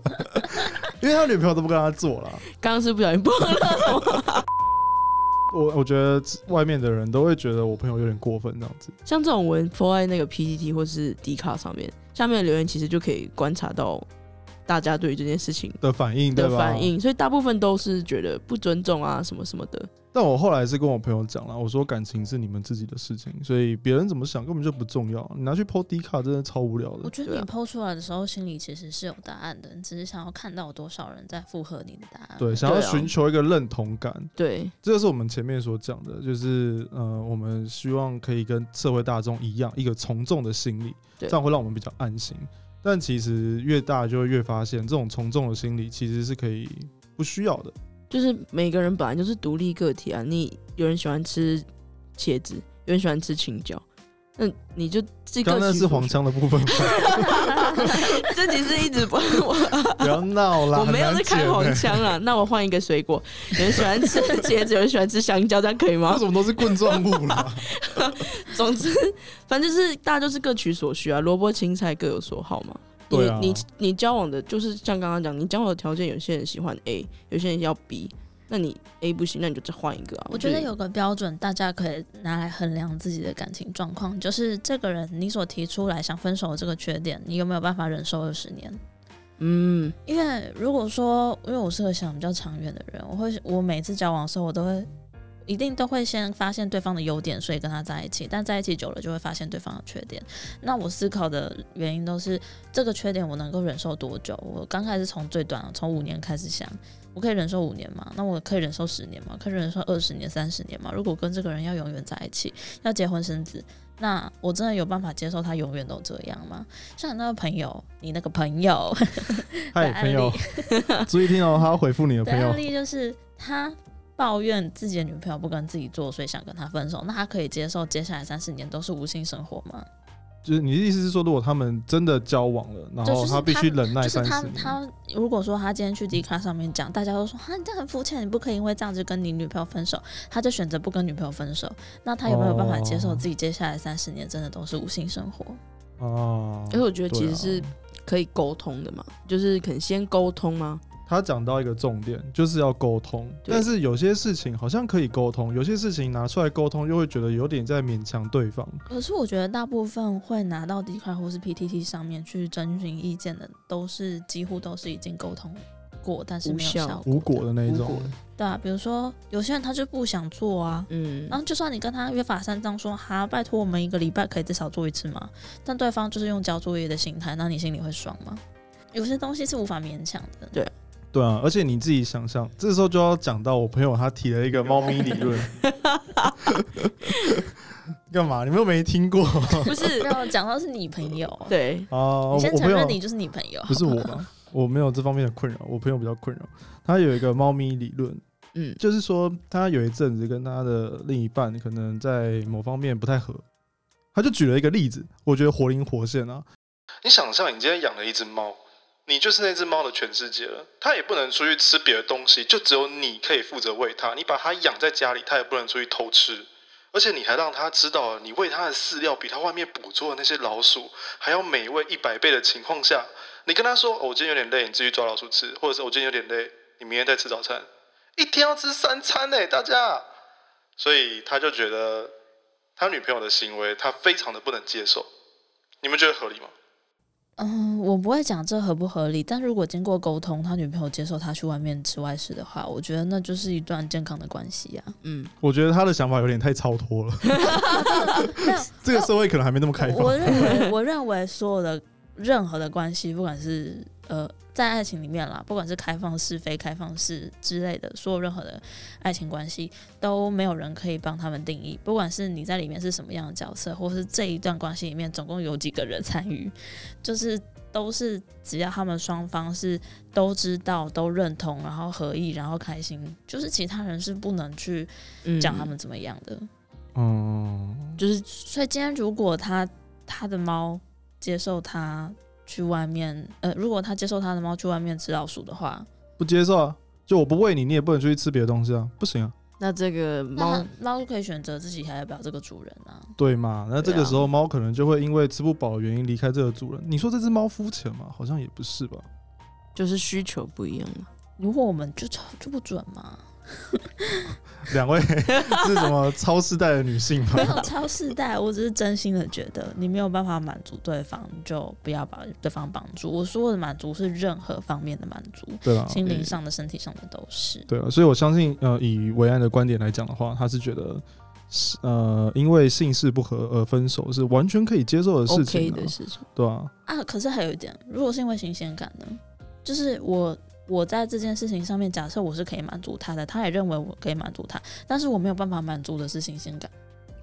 因為他女朋友都不跟他做了。剛 剛是不小心撥了。 我我覺得外面的人都會覺得我朋友有點過分這樣子，像這種文放在那個 PTT 或是 D 卡上面，下面的留言其實就可以觀察到。大家對於這件事情的反應，的反應。對，所以大部分都是覺得不尊重啊，什麼什麼的。但我後來是跟我朋友講了，我說感情是你們自己的事情，所以別人怎麼想根本就不重要。你拿去 po D 卡，真的超無聊的。我覺得你 po 出來的時候，啊，心裡其實是有答案的，你只是想要看到多少人在附和你的答案。對，想要尋求一個認同感。對，啊對，這個是我們前面所講的，就是嗯、呃，我們希望可以跟社會大眾一樣，一個從眾的心理對，這樣會讓我們比較安心。但其實越大，就會越發現，這種從眾的心理其實是可以不需要的。就是每個人本來就是獨立個體啊，你有人喜歡吃茄子，有人喜歡吃青椒。嗯，你就這個是黃腔的部分，這其實一直不我 不要鬧鬧了， 我沒有在開黃腔啊。 那我換一個水果， 有人喜歡吃茄子，有人喜歡吃香蕉， 這樣可以嗎？為什麼，都是棍狀物了。總之，反正是就是大家都是各取所需啊，蘿蔔青菜各有所好嘛。你對，啊，你你交往的就是像剛剛講，你交往的條件，有些人喜歡 A，有些人要 B。那你 A 不行，那你就再換一個啊。我覺得有個標準，大家可以拿來衡量自己的感情狀況，就是這個人你所提出來想分手的這個缺點，你有沒有辦法忍受二十年？嗯，因為如果說，因為我是個想比較長遠的人，我會我每次交往的時候，我都會一定都會先發現對方的優點，所以跟他在一起，但在一起久了就會發現對方的缺點。那我思考的原因都是這個缺點我能夠忍受多久？我剛開始從最短，從五年開始想。我可以忍受五年嗎？那我可以忍受十年嗎？可以忍受二十年、三十年嗎？如果跟這個人要永遠在一起，要結婚生子，那我真的有辦法接受他永遠都這樣嗎？像你那個朋友，你那個朋友，嗨， 朋友， 注意聽哦，他要回復你的朋友， 的就是他抱怨自己的女朋友不跟自己做，所以想跟他分手。那他可以接受接下來三十年都是無性生活嗎？就是你的意思是說，如果他們真的交往了，然後他必須忍耐三十年。就是他、就是、他，他如果說他今天去 D 卡上面講，大家都說啊，你這樣很膚淺，你不可以因為這樣子跟你女朋友分手。他就選擇不跟女朋友分手，那他有沒有辦法接受自己接下來三十年真的都是無性生活？哦，哦、啊，因為我覺得其實是可以溝通的嘛，就是可以先溝通嗎、啊？他講到一個重點，就是要溝通。但是有些事情好像可以溝通，有些事情拿出來溝通又會覺得有點在勉強對方。可是我覺得大部分會拿到 Dcard 或是 PTT 上面去徵詢意見的，都是幾乎都是已經溝通過，但是沒有效果無效、無果的那一種。對啊，比如說有些人他就不想做啊，嗯，然後就算你跟他約法三章說，哈、啊，拜托我們一個禮拜可以至少做一次嘛，但對方就是用交作業的心態，那你心裡會爽嗎？有些東西是無法勉強的，對。對啊，而且你自己想象，這時候就要講到我朋友他提了一個貓咪理論， 幹嘛？你們又沒聽過？不是， 講到是你朋友對啊，你先承認你就是你朋友，朋友，好不好？不是我，我沒有這方面的困擾，我朋友比較困擾。他有一個貓咪理論， 嗯，就是說他有一陣子跟他的另一半可能在某方面不太合，他就舉了一個例子，我覺得活靈活現啊。你想象你今天養了一隻貓。你就是那隻貓的全世界了，它也不能出去吃別的東西，就只有你可以負責餵它。你把它養在家裡，它也不能出去偷吃，而且你還讓它知道，你餵它的飼料比它外面捕捉的那些老鼠還要美味一百倍的情況下，你跟他說：“我今天有點累，你自己抓老鼠吃。”或者是我今天有點累，你明天再吃早餐。一天要吃三餐呢、欸，大家，所以他就覺得他女朋友的行為，他非常的不能接受。你們覺得合理嗎？嗯，我不會講這合不合理，但如果經過溝通，他女朋友接受他去外面吃外食的話，我覺得那就是一段健康的關係呀、啊。嗯，我覺得他的想法有點太超脫了。 這個社會可能還沒那麼開放、啊我。我認為， 我認為所有的任何的關係不管是。呃，在愛情裡面啦，不管是開放式、非開放式之類的，所有任何的愛情關係，都沒有人可以幫他們定義。不管是你在裡面是什麼樣的角色，或是這一段關係裡面總共有幾個人參與，就是都是只要他們雙方是都知道、都認同，然後合意，然後開心，就是其他人是不能去講他們怎麼樣的。嗯，嗯，就是所以今天如果他他的貓接受他。去外面，呃，如果他接受他的貓去外面吃老鼠的話，不接受啊！就我不餵你，你也不能出去吃別的東西啊，不行啊。那這個貓貓就可以選擇自己還要不要這個主人啊？對嘛？那這個時候貓可能就會因為吃不飽的原因離開這個主人。啊、你說這隻貓膚淺嗎？好像也不是吧，就是需求不一樣嘛、啊。如果我們就就不准嘛。兩 位是什麼超世代的女性嗎？ 沒有超世代，我只是真心的覺得你沒有辦法滿足對方，就不要把對方綁住。我說的滿足是任何方面的滿足，對吧、啊？心靈上的、嗯、身體上的都是。對啊，所以我相信，呃，以維安的觀點來講的話，他是覺得是呃，因為性事不合而分手是完全可以接受的事情、啊 okay 的事，對啊。啊，可是還有一點，如果是因為新鮮感呢？就是我。我在這件事情上面，假設我是可以滿足他的，他也認為我可以滿足他，但是我沒有辦法滿足的是新鮮感。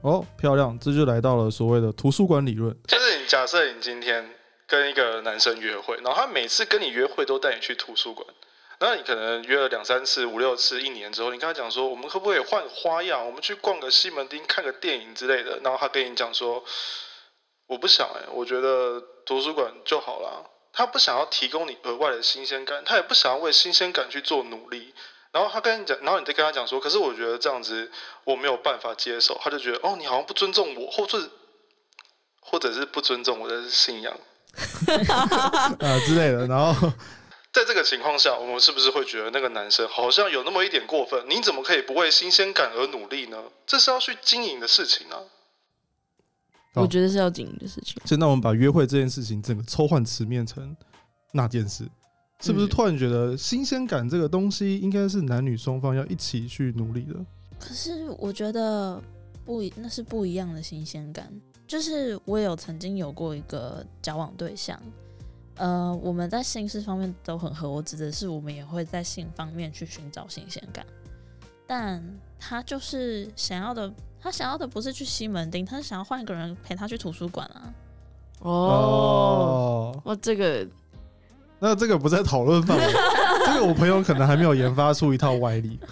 哦，漂亮，這就來到了所謂的圖書館理論，就是你假設你今天跟一個男生約會，然後他每次跟你約會都帶你去圖書館，那你可能約了兩三次、五六次，一年之後，你跟他講說，我們可不可以換花樣，我們去逛個西門町、看個電影之類的，然後他跟你講說，我不想哎、欸，我覺得圖書館就好啦。他不想要提供你額外的新鮮感，他也不想要為新鮮感去做努力。然後他跟你講，然後你再跟他講說，可是我覺得這樣子我沒有辦法接受。他就覺得哦，你好像不尊重我，或者或者是不尊重我的信仰 啊之類的。然後在這個情況下，我們是不是會覺得那個男生好像有那麼一點過分？你怎麼可以不為新鮮感而努力呢？這是要去經營的事情啊。Oh, 我覺得是要經營的事情。現在我們把約會這件事情整個抽換詞面成那件事，是不是突然覺得新鮮感這個東西應該是男女雙方要一起去努力的？可是我覺得不，那是不一樣的新鮮感。就是我有曾經有過一個交往對象，呃，我們在性事方面都很合，我指的是我們也會在性方面去尋找新鮮感，但他就是想要的。他想要的不是去西門町，他是想要換一個人陪他去圖書館啊！哦，我這個，那這個不在討論範圍， 這個我朋友可能還沒有研發出一套歪理。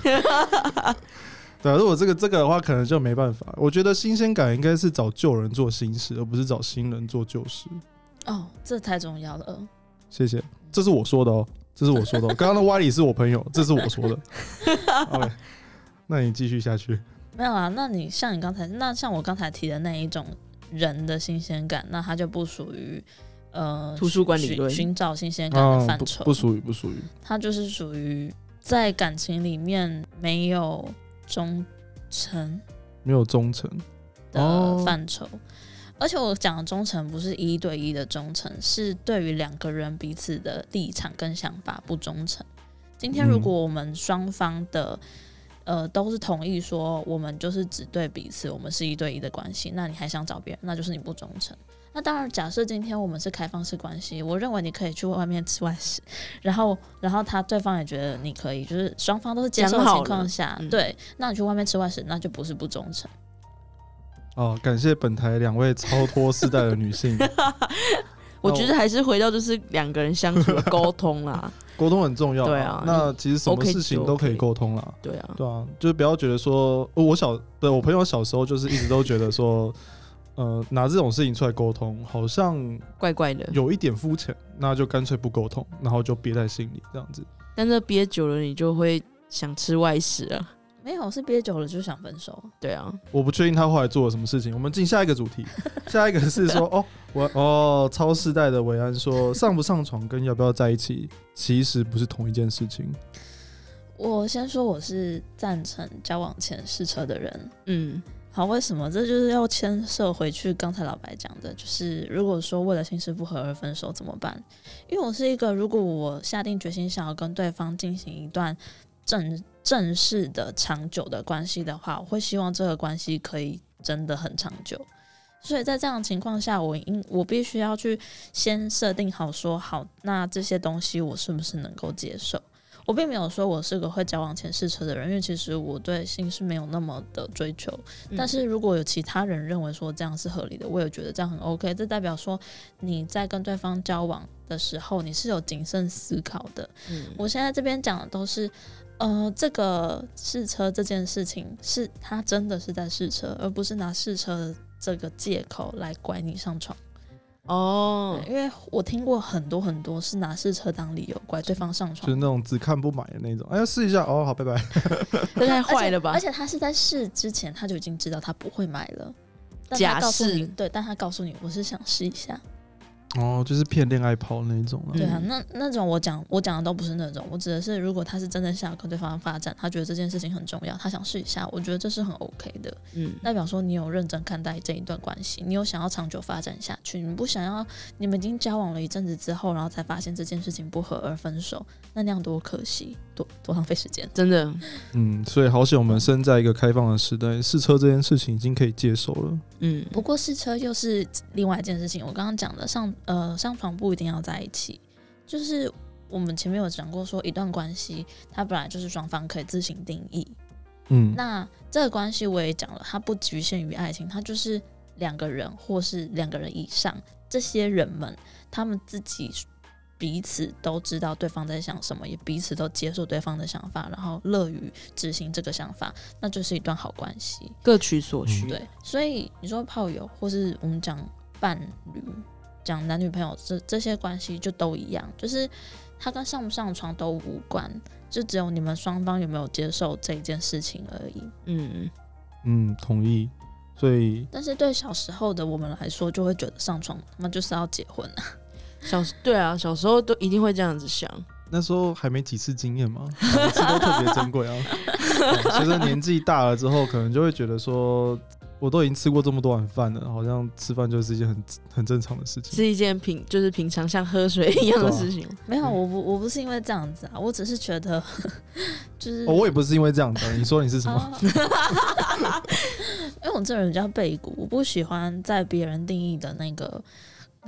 對，如果這個這個的話，可能就沒辦法。我覺得新鮮感應該是找舊人做新事，而不是找新人做舊事。哦，這太重要了。謝謝，這是我說的哦，這是我說的。剛剛的歪理是我朋友， 這是我說的。OK，那你繼續下去。沒有啊？那你像你剛才那像我剛才提的那一種人的新鮮感，那他就不屬於呃圖書館裡尋找新鮮感的範疇，哦、不屬於不屬於。他就是屬於在感情裡面沒有忠誠，沒有忠誠的範疇，哦。而且我講的忠誠不是一對一的忠誠，是對於兩個人彼此的立場跟想法不忠誠。今天如果我們雙方的，嗯。呃，都是同意說，我們就是只對彼此，我們是一對一的關係。那你還想找別人，那就是你不忠誠。那當然，假設今天我們是開放式關係，我認為你可以去外面吃外食，然後，然後他對方也覺得你可以，就是雙方都是接受的情況下，嗯、對，那你去外面吃外食，那就不是不忠誠。哦，感謝本台兩位超脫世代的女性。 我覺得還是回到就是兩個人相處的溝通啦，溝 通很重要。對啊，那其實什麼事情都可以溝通啦，對啊，對啊，就是不要覺得說我小對我朋友小時候就是一直都覺得說， 呃，拿這種事情出來溝通好像怪怪的，有一點膚淺，那就乾脆不溝通，然後就憋在心裡這樣子。但是憋久了，你就會想吃外食啊。哎、欸，我是憋久了就想分手。對啊，我不確定他後來做了什麼事情。我們進下一個主題， 下一個是說，哦，我哦，超世代的維安說，上不上床跟要不要在一起其實不是同一件事情。我先說，我是贊成交往前試車的人。嗯，好，為什麼？這就是要牽涉回去剛才老白講的，就是如果說為了性事不合而分手怎麼辦？因為我是一個，如果我下定決心想要跟對方進行一段。正正式的長久的關係的話，我會希望這個關係可以真的很長久。所以在這樣的情況下，我應我必須要去先設定好，說好那這些東西我是不是能夠接受。我並沒有說我是個會交往前試車的人，因為其實我對性是沒有那麼的追求。嗯。但是如果有其他人認為說這樣是合理的，我也覺得這樣很 OK。這代表說你在跟對方交往的時候，你是有謹慎思考的。嗯。我現在這邊講的都是。呃，這個試車這件事情是他真的是在試車，而不是拿試車的這個借口來拐你上床哦，oh。因為我聽過很多很多是拿試車當理由拐對方上床。就是，就是那種只看不買的那種，哎，要試一下哦，oh, 好，拜拜，這太壞了吧？而且他是在試之前他就已經知道他不會買了，但他告訴你，假試，對，但他告訴你我是想試一下。哦，就是騙戀愛炮那種。對啊，那那種我講我講的都不是那種，我指的是如果他是真的想要跟對方發展，他覺得這件事情很重要，他想試一下，我覺得這是很 OK 的。嗯，代表說你有認真看待這一段關係，你有想要長久發展下去，你不想要你們已經交往了一陣子之後，然後才發現這件事情不合而分手，那那樣多可惜。多多浪費時間，真的。嗯，所以好險我們身在一個開放的時代，試車，嗯，這件事情已經可以接受了。嗯，不過試車又是另外一件事情。我剛剛講的上呃上床不一定要在一起，就是我們前面有講過，說一段關係，它本來就是雙方可以自行定義。嗯，那這個關係我也講了，它不局限於愛情，它就是兩個人或是兩個人以上這些人們，他們自己。彼此都知道對方在想什麼，也彼此都接受對方的想法，然後樂於執行這個想法，那就是一段好關係，各取所需。嗯。對，所以你說炮友，或是我們講伴侶、講男女朋友，這這些關係就都一樣，就是他跟上不上床都無關，就只有你們雙方有沒有接受這一件事情而已。嗯嗯，同意。所以，但是對小時候的我們來說，就會覺得上床，他們就是要結婚了。小對啊，小時候都一定會這樣子想。那時候還沒幾次經驗嘛，每次都特別珍貴啊。隨 着、嗯、年紀大了之後，可能就會覺得說，我都已經吃過這麼多碗飯了，好像吃飯就是一件很很正常的事情，是一件平就是平常像喝水一樣的事情。Wow. 沒有，我不我不是因為這樣子啊，我只是覺得就是、哦，我也不是因為這樣子、啊。你說你是什麼？ 因為我這人比較背骨，我不喜歡在別人定義的那個。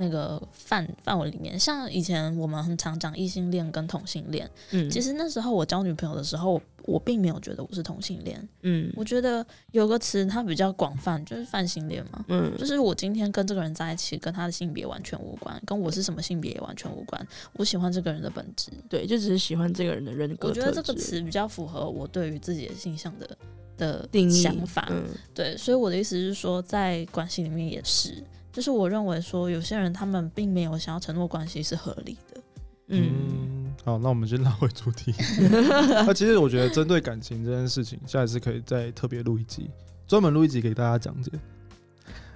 那個範範圍裡面，像以前我們很常講異性戀跟同性戀，嗯，其實那時候我交女朋友的時候，我並沒有覺得我是同性戀，嗯，我覺得有個詞它比較廣泛，就是泛性戀嘛，嗯，就是我今天跟這個人在一起，跟他的性別完全無關，跟我是什麼性別也完全無關，我喜歡這個人的本質，對，就只是喜歡這個人的人格的特質。我覺得這個詞比較符合我對於自己的性向的的定義想法，嗯，對，所以我的意思是說，在關係裡面也是。就是我認為說，有些人他們並沒有想要承諾關係是合理的，嗯。嗯，好，那我們先拉回主題。 那其實我覺得針對感情這件事情，下一次可以再特別錄一集，專門錄一集給大家講解。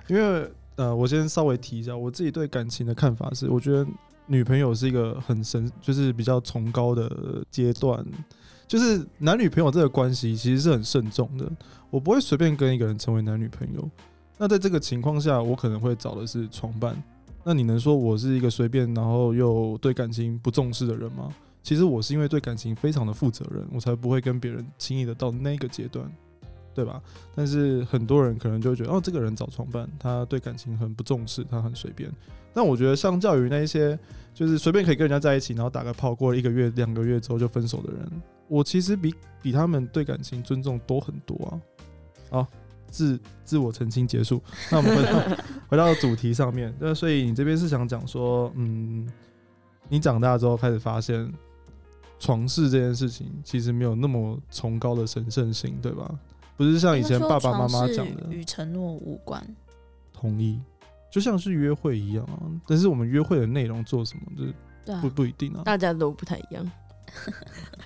因為呃，我先稍微提一下我自己對感情的看法是，我覺得女朋友是一個很神，就是比較崇高的階段。就是男女朋友這個關係其實是很慎重的，我不會隨便跟一個人成為男女朋友。那在這個情況下，我可能會找的是床伴。那你能說我是一個隨便，然後又對感情不重視的人嗎？其實我是因為對感情非常的負責任，我才不會跟別人輕易的到那個階段，對吧？但是很多人可能就會覺得，哦，這個人找床伴，他對感情很不重視，他很隨便。但我覺得相較於那些，就是隨便可以跟人家在一起，然後打個炮，過了一個月、兩個月之後就分手的人，我其實比比他們對感情尊重多很多啊！好。自自我澄清結束，那我們回到 回到主題上面。那所以你這邊是想講說，嗯，你長大之後開始發現床事這件事情其實沒有那麼崇高的神聖性，對吧？不是像以前爸爸媽媽講的與承諾無關。同意，就像是約會一樣啊，但是我們約會的內容做什麼，就是不、啊、不一定啊，大家都不太一樣。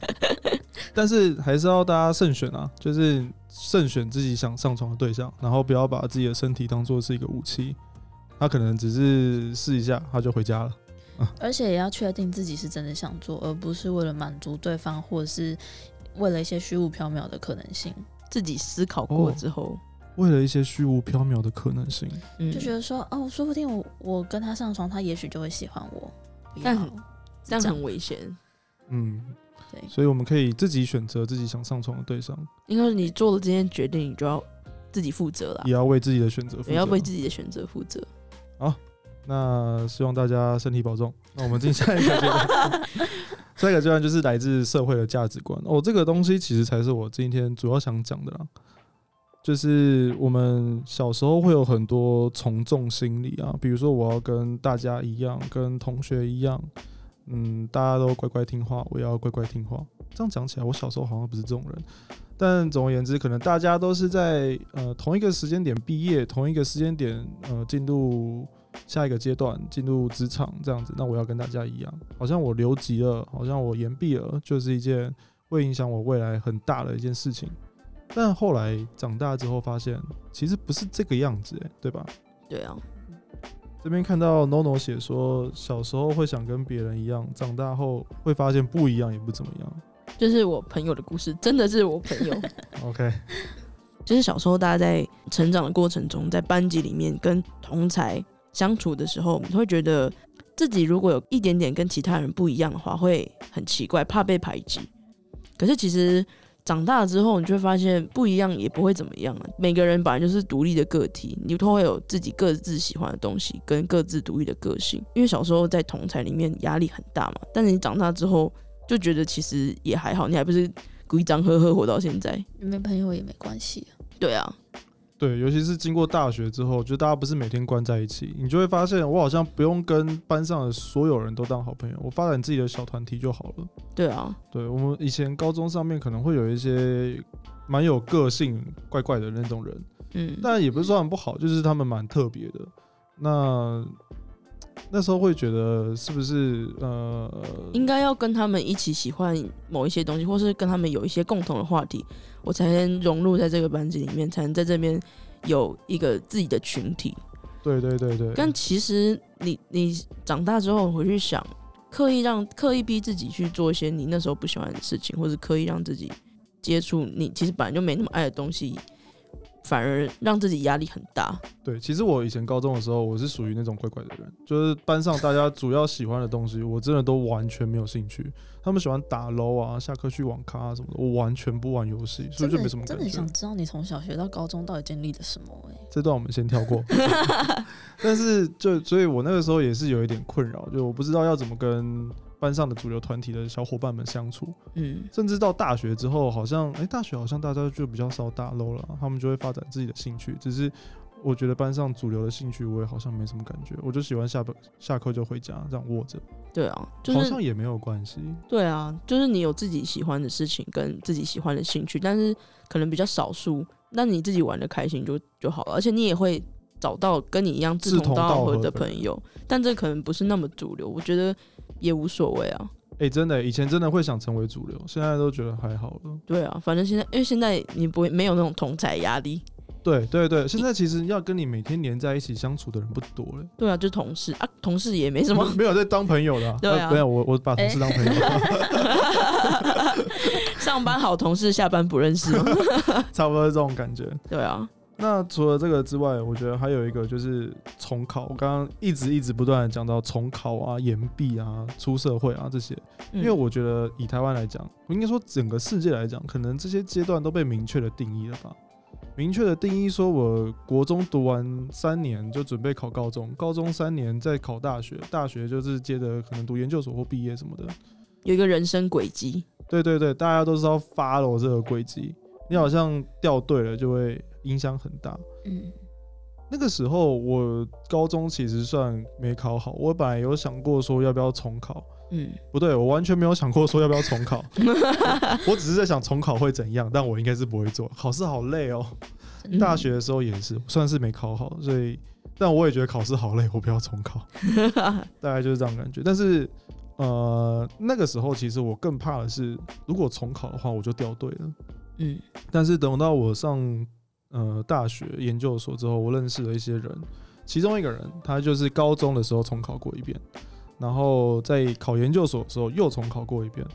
但是還是要大家慎選啊，就是。慎選自己想上床的對象，然後不要把自己的身體當做是一個武器。他可能只是試一下，他就回家了。啊、而且也要確定自己是真的想做，而不是為了滿足對方，或是為了一些虛無縹緲的可能性。自己思考過之後，哦、為了一些虛無縹緲的可能性，嗯、就覺得說哦，說不定我，我跟他上床，他也許就會喜歡我。但這樣但很危險。嗯。所以我們可以自己選擇自己想上床的對象。因為你做了這些決定，你就要自己負責了，也要為自己的選擇，也要為自己的選擇負責。好，那希望大家身體保重。那、 啊、我們進下一個階段，下一個階段 就是來自社會的價值觀哦。這個東西其實才是我今天主要想講的啦。就是我們小時候會有很多從眾心理啊，比如說我要跟大家一樣，跟同學一樣。嗯，大家都乖乖聽話，我要乖乖聽話。這樣講起來，我小時候好像不是這種人，但總而言之，可能大家都是在呃同一個時間點畢業，同一個時間點呃進入下一個階段，進入職場這樣子。那我要跟大家一樣，好像我留級了，好像我延畢了，就是一件會影響我未來很大的一件事情。但後來長大之後發現，其實不是這個樣子欸，對吧？對啊。這邊看到 Nono 寫說，小時候會想跟別人一樣，長大後會發現不一樣也不怎麼樣。就是我朋友的故事，真的是我朋友。 OK，就是小時候大家在成長的過程中，在班級裡面跟同儕相處的時候，我們會覺得自己如果有一點點跟其他人不一樣的話，會很奇怪，怕被排擠。可是其實。長大之後，你就會發現不一樣也不會怎麼樣啊。每個人本來就是獨立的個體，你都會有自己各自喜歡的東西跟各自獨立的個性。因為小時候在同儕裡面壓力很大嘛，但你長大之後就覺得其實也還好，你還不是故意張呵呵活到現在，沒朋友也沒關係。對啊。對，尤其是經過大學之後，就大家不是每天關在一起，你就會發現，我好像不用跟班上的所有人都當好朋友，我發展自己的小團體就好了。對啊，對我們以前高中上面可能會有一些蠻有個性、怪怪的那種人，嗯，但也不是說很不好，就是他們蠻特別的。那那時候會覺得是不是呃，應該要跟他們一起喜歡某一些東西，或是跟他們有一些共同的話題，我才能融入在這個班級裡面，才能在這邊有一個自己的群體。對對對對。但其實你你長大之後回去想，刻意讓刻意逼自己去做一些你那時候不喜歡的事情，或是刻意讓自己接觸你其實本來就沒那麼愛的東西。反而讓自己壓力很大。對，其實我以前高中的時候，我是屬於那種怪怪的人，就是班上大家主要喜歡的東西， 我真的都完全沒有興趣。他們喜歡打 LOL 啊，下課去網咖、啊、什麼的，我完全不玩遊戲，所以就沒什麼感覺。真的，真的想知道你從小學到高中到底經歷了什麼。欸，這段我們先跳過。 但是就所以，我那個時候也是有一點困擾，就我不知道要怎麼跟班上的主流團體的小伙伴們相處，嗯，甚至到大學之後，好像哎、欸，大學好像大家就比較少打鬧了，他們就會發展自己的興趣。只是我覺得班上主流的興趣，我也好像沒什麼感覺，我就喜歡下班下課就回家，這樣握着。對啊、就是，好像也沒有關係。對啊，就是你有自己喜歡的事情跟自己喜歡的興趣，但是可能比較少數，那你自己玩得開心就就好了，而且你也會。找到跟你一樣志同道合的朋友，但這可能不是那麼主流。我覺得也無所謂啊。哎、欸，真的、欸，以前真的會想成為主流，現在都覺得還好了。對啊，反正現在，因為現在你不會沒有那種同儕壓力。對對對，現在其實要跟你每天黏在一起相處的人不多了、欸。對啊，就同事啊，同事也沒什麼。沒有在當朋友的、啊。對啊，啊沒有我我把同事當朋友。 上班好同事，下班不認識， 差不多是這種感覺。對啊。那除了這個之外，我覺得還有一個就是重考。我剛剛一直一直不斷的講到重考啊、延畢啊、出社會啊這些，嗯、因為我覺得以台灣來講，我應該說整個世界來講，可能這些階段都被明確的定義了吧？明確的定義說，我國中讀完三年就準備考高中，高中三年再考大學，大學就是接着可能讀研究所或畢業什麼的，有一個人生軌跡。對對對，大家都是要 follow 這個軌跡，你好像掉隊了就會。影響很大。嗯，那個時候我高中其實算沒考好。我本來有想過說要不要重考。嗯，不對，我完全沒有想過說要不要重考。我只是在想重考會怎樣，但我應該是不會做。考試好累哦，大學的時候也是，算是沒考好，所以但我也覺得考試好累，我不要重考。大概就是這樣感覺。但是呃，那個時候其實我更怕的是，如果重考的話，我就掉隊了。嗯，但是等到我上。呃，大學研究所之後，我認識了一些人，其中一個人，他就是高中的時候重考過一遍，然後在考研究所的時候又重考過一遍，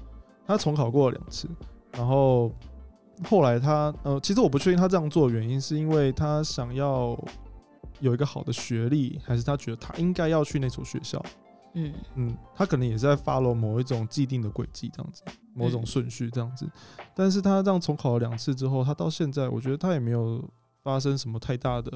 他重考過了兩次，然後後來他，呃，其實我不確定他這樣做的原因是因為他想要有一個好的學歷，還是他覺得他應該要去那所學校。嗯嗯，他可能也是在 follow 某一種既定的軌跡，這樣子，某種順序這樣子。但是他這樣重考了兩次之後，他到現在我覺得他也沒有發生什麼太大的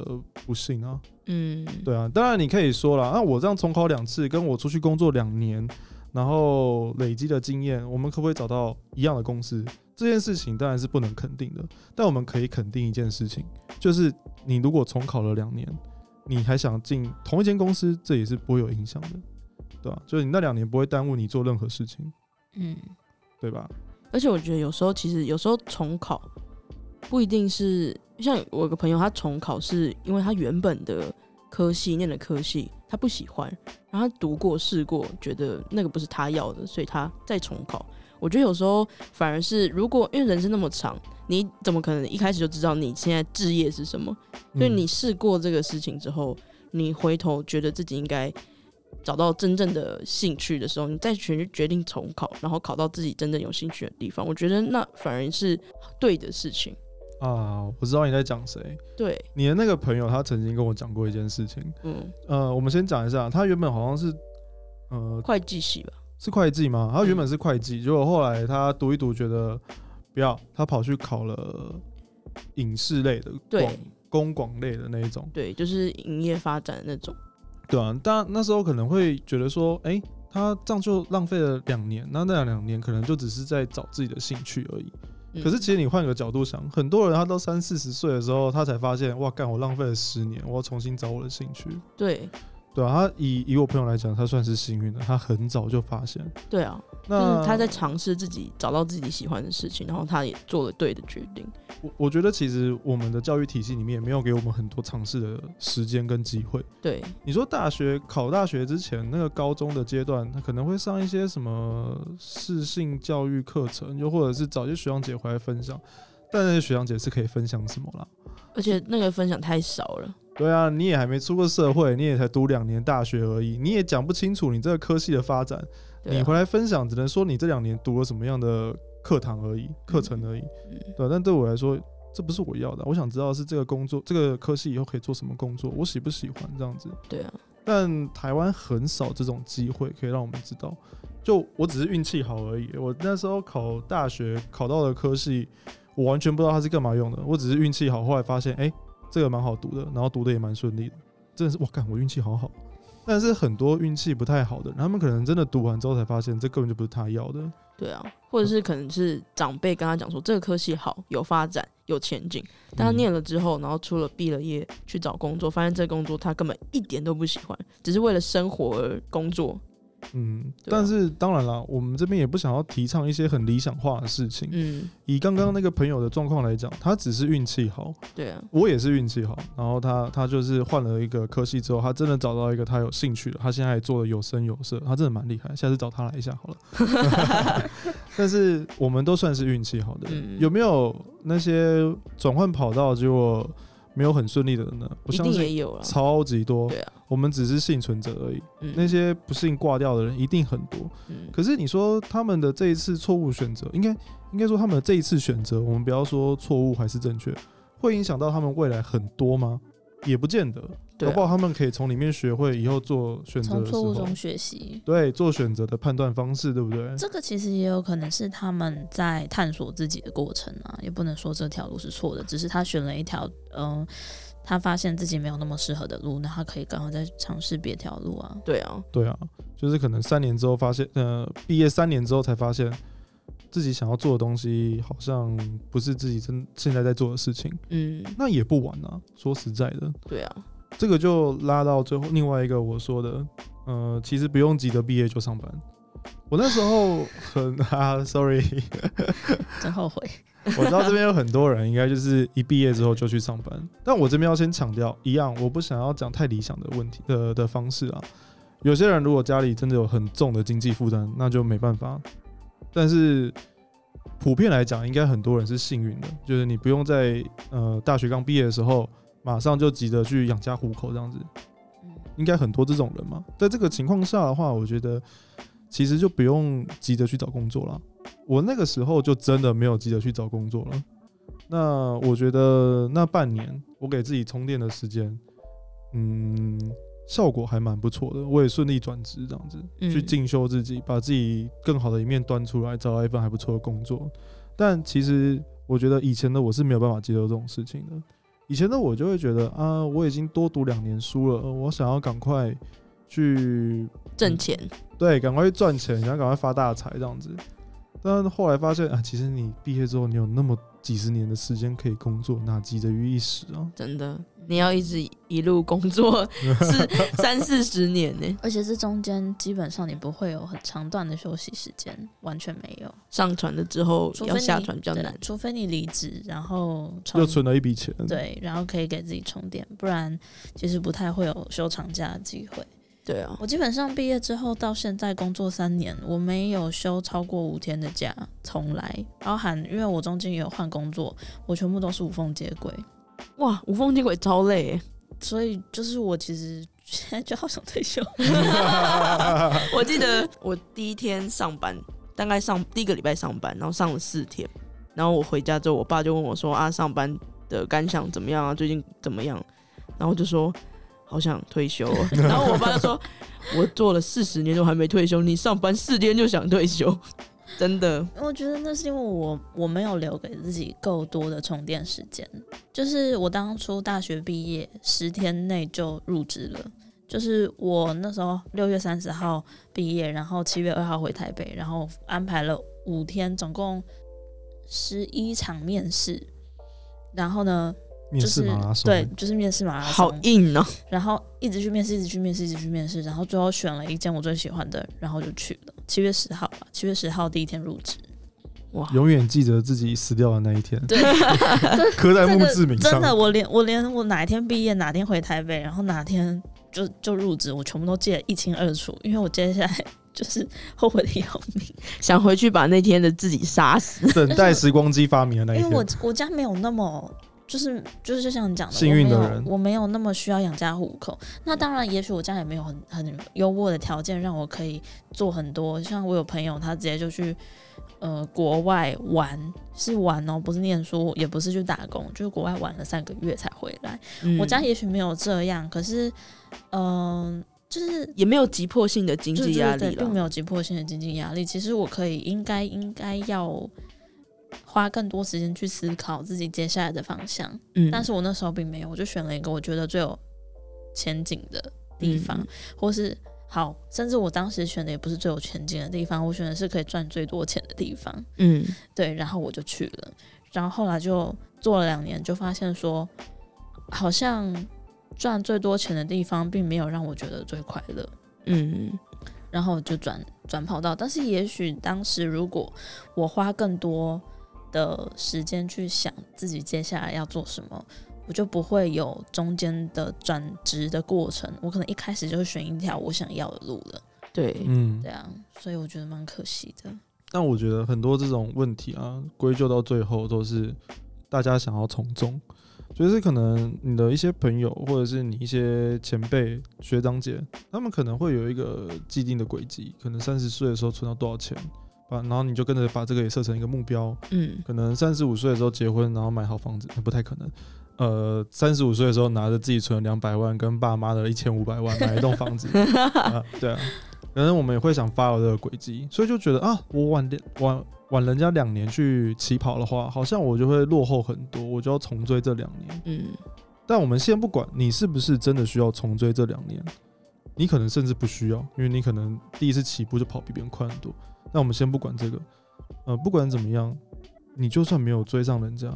不幸啊。嗯，對啊。當然你可以說啦，那、啊、我這樣重考兩次，跟我出去工作兩年，然後累積的經驗，我們可不可以找到一樣的公司？這件事情當然是不能肯定的。但我們可以肯定一件事情，就是你如果重考了兩年，你還想進同一間公司，這也是不會有影響的。對啊，就是你那兩年不會耽誤你做任何事情，嗯，對吧？而且我覺得有時候其實有時候重考不一定是像我有個朋友，他重考是因為他原本的科系念的科系他不喜歡，然後他讀過試過，覺得那個不是他要的，所以他再重考。我覺得有時候反而是如果，因為人生那麼長，你怎麼可能一開始就知道你現在志業是什麼？所以你試過這個事情之後，你回頭覺得自己應該。找到真正的興趣的時候，你再全去決定重考，然後考到自己真正有興趣的地方，我覺得那反而是對的事情啊！我不知道你在講誰，對，你的那個朋友他曾經跟我講過一件事情。嗯，呃，我們先講一下，他原本好像是，呃，會計系吧？是會計嗎？他原本是會計，嗯，結果後來他讀一讀，覺得不要，他跑去考了影視類的，對，公廣類的那一種，對，就是營業發展的那種。對啊，但那時候可能會覺得說，哎、欸，他這樣就浪費了兩年，那那兩年可能就只是在找自己的興趣而已。嗯、可是其實你換個角度想，很多人他到三四十歲的時候，他才發現，哇，幹，我浪費了十年，我要重新找我的興趣。對。對啊，他以以我朋友來講，他算是幸運的，他很早就發現。對啊，那就是他在嘗試自己找到自己喜歡的事情，然後他也做了對的決定。我我覺得其實我們的教育體系裡面也沒有給我們很多嘗試的時間跟機會。對，你說大學考大學之前那個高中的階段，他可能會上一些什麼適性教育課程，又或者是找些學長姐回來分享，但那些學長姐是可以分享什麼啦？而且那個分享太少了。對啊，你也還沒出過社會，你也才讀兩年大學而已，你也講不清楚你這個科系的發展。啊、你回來分享，只能說你這兩年讀了什麼樣的課堂而已，課、嗯、程而已、嗯。對，但對我來說，這不是我要的、啊。我想知道是這個工作，這個科系以後可以做什麼工作，我喜不喜歡這樣子。對啊，但台灣很少這種機會可以讓我們知道。就我只是運氣好而已、欸。我那時候考大學考到了科系，我完全不知道它是幹嘛用的。我只是運氣好，後來發現，哎、欸。這個蠻好讀的，然後讀的也蠻順利的，真的是哇幹，我運氣好好。但是很多運氣不太好的，他們可能真的讀完之後才發現，這根本就不是他要的。對啊，或者是可能是長輩跟他講說這個科系好，有發展，有前景。但他念了之後，然後出了畢了業去找工作，發現這個工作他根本一點都不喜歡，只是為了生活而工作。嗯、啊，但是當然啦，我們這邊也不想要提倡一些很理想化的事情。嗯，以剛剛那個朋友的狀況來講，他只是運氣好。對啊，我也是運氣好。然後他他就是換了一個科系之後，他真的找到一個他有興趣的，他現在也做得有聲有色，他真的蠻厲害。下次找他來一下好了。 但是我們都算是運氣好的。嗯，有沒有那些轉換跑道結果沒有很順利的人呢？一定也有啊，超級多。對啊。我們只是幸存者而已、嗯，那些不幸掛掉的人一定很多。嗯、可是你說他們的這一次錯誤選擇，應該應該說他們的這一次選擇，我們不要說錯誤還是正確，會影響到他們未來很多嗎？也不見得，包括、啊、他們可以從裡面學會以後做選擇。從錯誤中學習，對做選擇的判斷方式，對不對？這個其實也有可能是他們在探索自己的過程啊，也不能說這條路是錯的，只是他選了一條嗯。他發現自己沒有那麼適合的路，那他可以剛好再嘗試別條路啊。對啊，對啊，就是可能三年之後發現，呃，畢業三年之後才發現自己想要做的東西好像不是自己真現在在做的事情。嗯，那也不晚啊，說實在的。對啊，這個就拉到最後另外一個我說的，呃，其實不用急着畢業就上班。我那時候很 啊，sorry， 真後悔。 我知道這邊有很多人，應該就是一畢業之後就去上班。但我這邊要先強調，一樣，我不想要講太理想的問題的的方式啊。有些人如果家裡真的有很重的經濟負擔，那就沒辦法。但是普遍來講，應該很多人是幸運的，就是你不用在呃大學剛畢業的時候馬上就急着去養家糊口這樣子。應該很多這種人嘛，在這個情況下的話，我覺得。其實就不用急着去找工作了。我那個時候就真的沒有急着去找工作了。那我覺得那半年我給自己充電的時間，嗯，效果還蠻不錯的。我也順利轉職，這樣子去進修自己，把自己更好的一面端出來，找到一份還不錯的工作。但其實我覺得以前的我是沒有辦法接受這種事情的。以前的我就會覺得啊，我已經多讀兩年書了、呃，我想要趕快去、嗯、掙錢。對，趕快去賺錢，然後趕快發大財這樣子。但後來發現啊，其實你畢業之後，你有那麼幾十年的時間可以工作，哪急著於一時哦、啊？真的，你要一直一路工作 是三四十年呢。 而且這中間基本上你不會有很長段的休息時間，完全沒有。上船了之後要下船比較難，除非你離職，然後又存了一筆錢，對，然後可以給自己充電，不然其實不太會有休長假的機會。對啊，我基本上畢業之後到現在工作三年，我沒有休超過五天的假，從來。包含因為我中間也有換工作，我全部都是無縫接軌。哇，無縫接軌超累，所以就是我其實現在就好想退休。 我記得我第一天上班，大概上第一個禮拜上班，然後上了四天，然後我回家之後，我爸就問我說：“啊，上班的感想怎麼樣啊？最近怎麼樣？”然後我就說。好想退休， 然後我爸說：“我做了四十年都還沒退休，你上班四天就想退休，真的。”我覺得那是因為我我沒有留給自己夠多的充電時間。就是我當初大學畢業十天內就入職了，就是我那時候六月三十號畢業，然後七月二號回台北，然後安排了五天，總共十一場面試，然後呢，就是面試馬拉松，對，就是面試馬拉松，好硬哦、啊，然後一直去面試，一直去面試，一直去面試，然後最後選了一間我最喜歡的，然後就去了。七月十號吧，七月十號第一天入職。哇，永遠記得自己死掉的那一天，對、啊，刻在墓誌銘上、這個。真的，我連我連我哪一天畢業，哪天回台北，然後哪天就就入職，我全部都記得一清二楚。因為我接下來就是後悔的要命， 想回去把那天的自己殺死。等待時光機發明的那一天。 因為我我家沒有那麼。就是就是，就是、像你講的,的，我沒有我沒有那麼需要養家糊口。那當然，也許我家也沒有很很優渥的條件，讓我可以做很多。像我有朋友，他直接就去呃國外玩，是玩哦、喔，不是念書，也不是去打工，就是國外玩了三個月才回來。嗯、我家也許沒有這樣，可是嗯、呃，就是也沒有急迫性的經濟壓力了，就是、對並沒有急迫性的經濟壓力。其實我可以，應該應該要。花更多時間去思考自己接下來的方向，嗯，但是我那時候並沒有，我就選了一個我覺得最有前景的地方，嗯、或是好，甚至我當時選的也不是最有前景的地方，我選的是可以賺最多錢的地方，嗯，對，然後我就去了，然後後來就做了兩年，就發現說，好像賺最多錢的地方並沒有讓我覺得最快樂，嗯，然後就轉轉跑道，但是也許當時如果我花更多。的時間去想自己接下來要做什麼，我就不會有中間的轉職的過程。我可能一開始就會選一條我想要的路了。對，嗯，這樣。所以我覺得蠻可惜的。但我覺得很多這種問題啊，歸咎到最後都是大家想要從眾，就是可能你的一些朋友，或者是你一些前輩、學長姐，他們可能會有一個既定的軌跡，可能三十歲的時候存到多少錢。啊、然後你就跟着把這個也設成一個目標，嗯，可能三十五歲的時候結婚，然後買好房子，不太可能。呃，三十五歲的時候拿着自己存兩百萬，跟爸媽的一千五百萬買一棟房子、 啊，對啊。可能我們也會想 follow 這個軌跡，所以就覺得啊，我晚兩晚晚人家兩年去起跑的話，好像我就會落後很多，我就要重追這兩年。嗯，但我們先不管你是不是真的需要重追這兩年，你可能甚至不需要，因為你可能第一次起步就跑比別人快很多。那我們先不管這個，呃，不管怎麼樣，你就算沒有追上人家，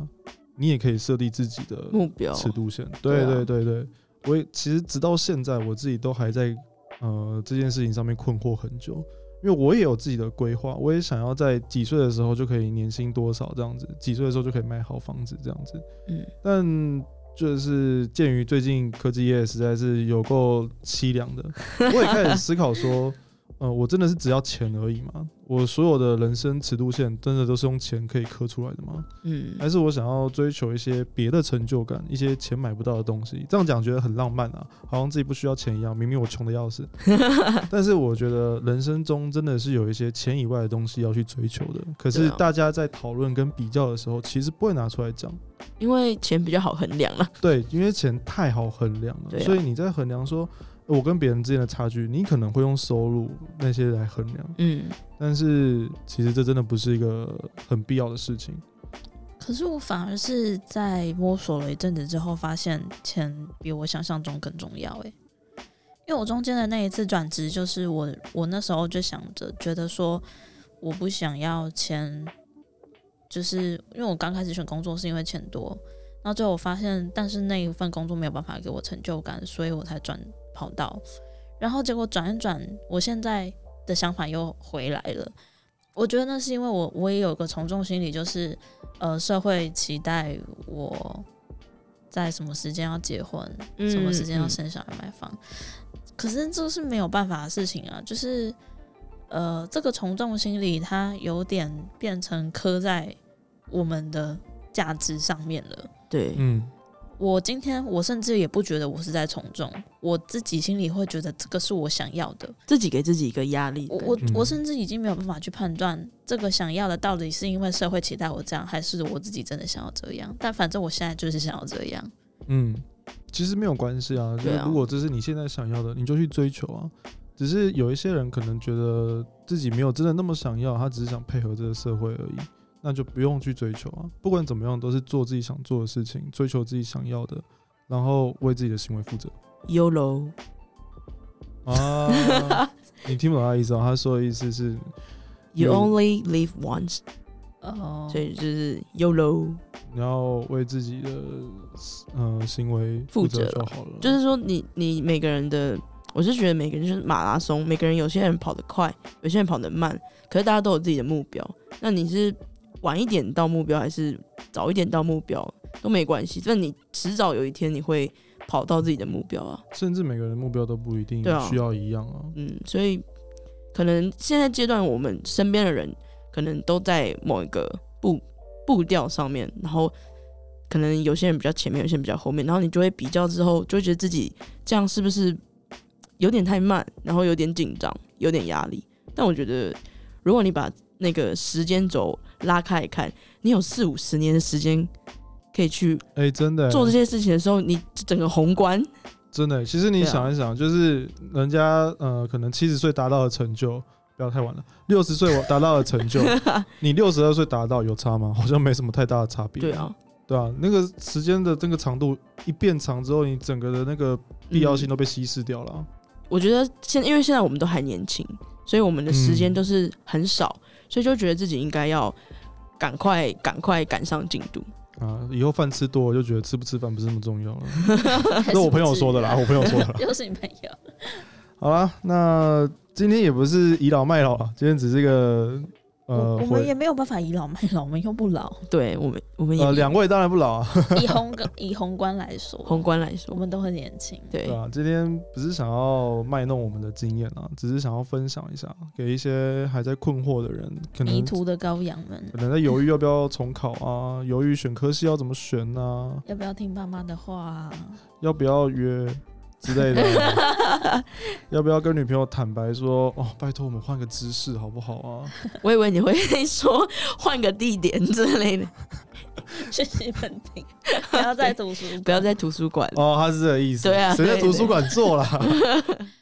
你也可以設立自己的目標、尺度線。對對對對，對啊、我也其實直到現在，我自己都還在呃這件事情上面困惑很久，因為我也有自己的規劃，我也想要在幾歲的時候就可以年薪多少這樣子，幾歲的時候就可以買好房子這樣子。嗯、但就是鑒於最近科技業實在是有夠淒涼的，我也開始思考說， 呃，我真的是只要錢而已嗎？我所有的人生尺度線，真的都是用錢可以刻出來的嗎？嗯，還是我想要追求一些別的成就感，一些錢買不到的東西？這樣講覺得很浪漫啊，好像自己不需要錢一樣。明明我窮得要死， 但是我覺得人生中真的是有一些錢以外的東西要去追求的。可是大家在討論跟比較的時候，其實不會拿出來講，因為錢比較好衡量了、啊。對，因為錢太好衡量了，對啊、所以你在衡量說。我跟別人之間的差距，你可能會用收入那些來衡量，嗯，但是其實這真的不是一個很必要的事情。可是我反而是在摸索了一陣子之後，發現錢比我想象中更重要，欸。誒，因為我中間的那一次轉職，就是我我那時候就想着，覺得說我不想要錢，就是因為我剛開始選工作是因為錢多，那最後我發現，但是那一份工作沒有辦法給我成就感，所以我才轉。跑道，然後結果轉一轉，我現在的想法又回來了。我覺得那是因為我我也有個從眾心理，就是呃，社會期待我在什麼時間要結婚，嗯、什麼時間要生小孩、買房、嗯，可是這是沒有辦法的事情啊。就是呃，這個從眾心理，它有點變成刻在我們的價值上面了。對，嗯。我今天，我甚至也不覺得我是在從眾，我自己心裡會覺得這個是我想要的，自己給自己一個壓力。我我我甚至已經沒有辦法去判斷這個想要的到底是因為社會期待我這樣，還是我自己真的想要這樣。但反正我現在就是想要這樣。嗯，其實沒有關係啊，就是如果這是你現在想要的，對啊，你就去追求啊。只是有一些人可能覺得自己沒有真的那麼想要，他只是想配合這個社會而已。那就不用去追求啊，不管怎麼樣，都是做自己想做的事情，追求自己想要的，然後為自己的行為負責。y o l o 啊！ 你聽不懂他意思啊，哦？他說的意思是，You only live once。哦，嗯，所以就是 y o l o 然後為自己的呃行為負責就好了。啊、就是說你，你你每個人的，我是覺得每個人就是馬拉松，每個人有些人跑得快，有些人跑得慢，可是大家都有自己的目標。那你是？晚一點到目標還是早一點到目標都沒關係，但你遲早有一天你會跑到自己的目標啊。甚至每個人目標都不一定需要一樣啊。對啊，嗯，所以可能現在階段，我們身邊的人可能都在某一個步步調上面，然後可能有些人比較前面，有些人比較後面，然後你就會比較之後，就會覺得自己這樣是不是有點太慢，然後有點緊張，有點壓力。但我覺得，如果你把那個時間軸拉開一看，你有四五十年的時間可以去哎、欸，真的、欸、做這些事情的時候，你整個宏觀真的、欸。其實你想一想，啊、就是人家呃，可能七十歲達到的成就不要太晚了，六十歲我達到的成就， 你六十二歲達到有差嗎？好像沒什麼太大的差別。對啊，對啊，那個時間的這個長度一變長之後，你整個的那個必要性都被稀釋掉了、嗯。我覺得現因為現在我們都還年輕，所以我們的時間都是很少。嗯所以就覺得自己應該要趕快、趕快趕上進度啊！以後飯吃多了就覺得吃不吃飯不是那麼重要了。 是，啊、是我朋友說的啦，我朋友說的啦，又 是你朋友。好啦。那今天也不是倚老賣老了，今天只是一個。呃、我我們也沒有辦法倚老賣老，我們又不老。對我們，我們兩、呃、位當然不老。以, 以宏觀以宏觀來說，宏觀來說，我們都很年輕。對啊，今天不是想要賣弄我們的經驗啊，只是想要分享一下，給一些還在困惑的人，迷途的羔羊們，可能在猶豫要不要重考啊，猶、嗯、豫選科系要怎麼選啊，要不要聽爸媽的話、啊，要不要約？之類的， 要不要跟女朋友坦白說？哦，拜託我們換個姿勢好不好啊？我以為你會說換個地點之類的， 去西門町，不要在圖書， okay, 不要在圖書館。哦，他是這個意思。對啊，誰在圖書館做啦？對對對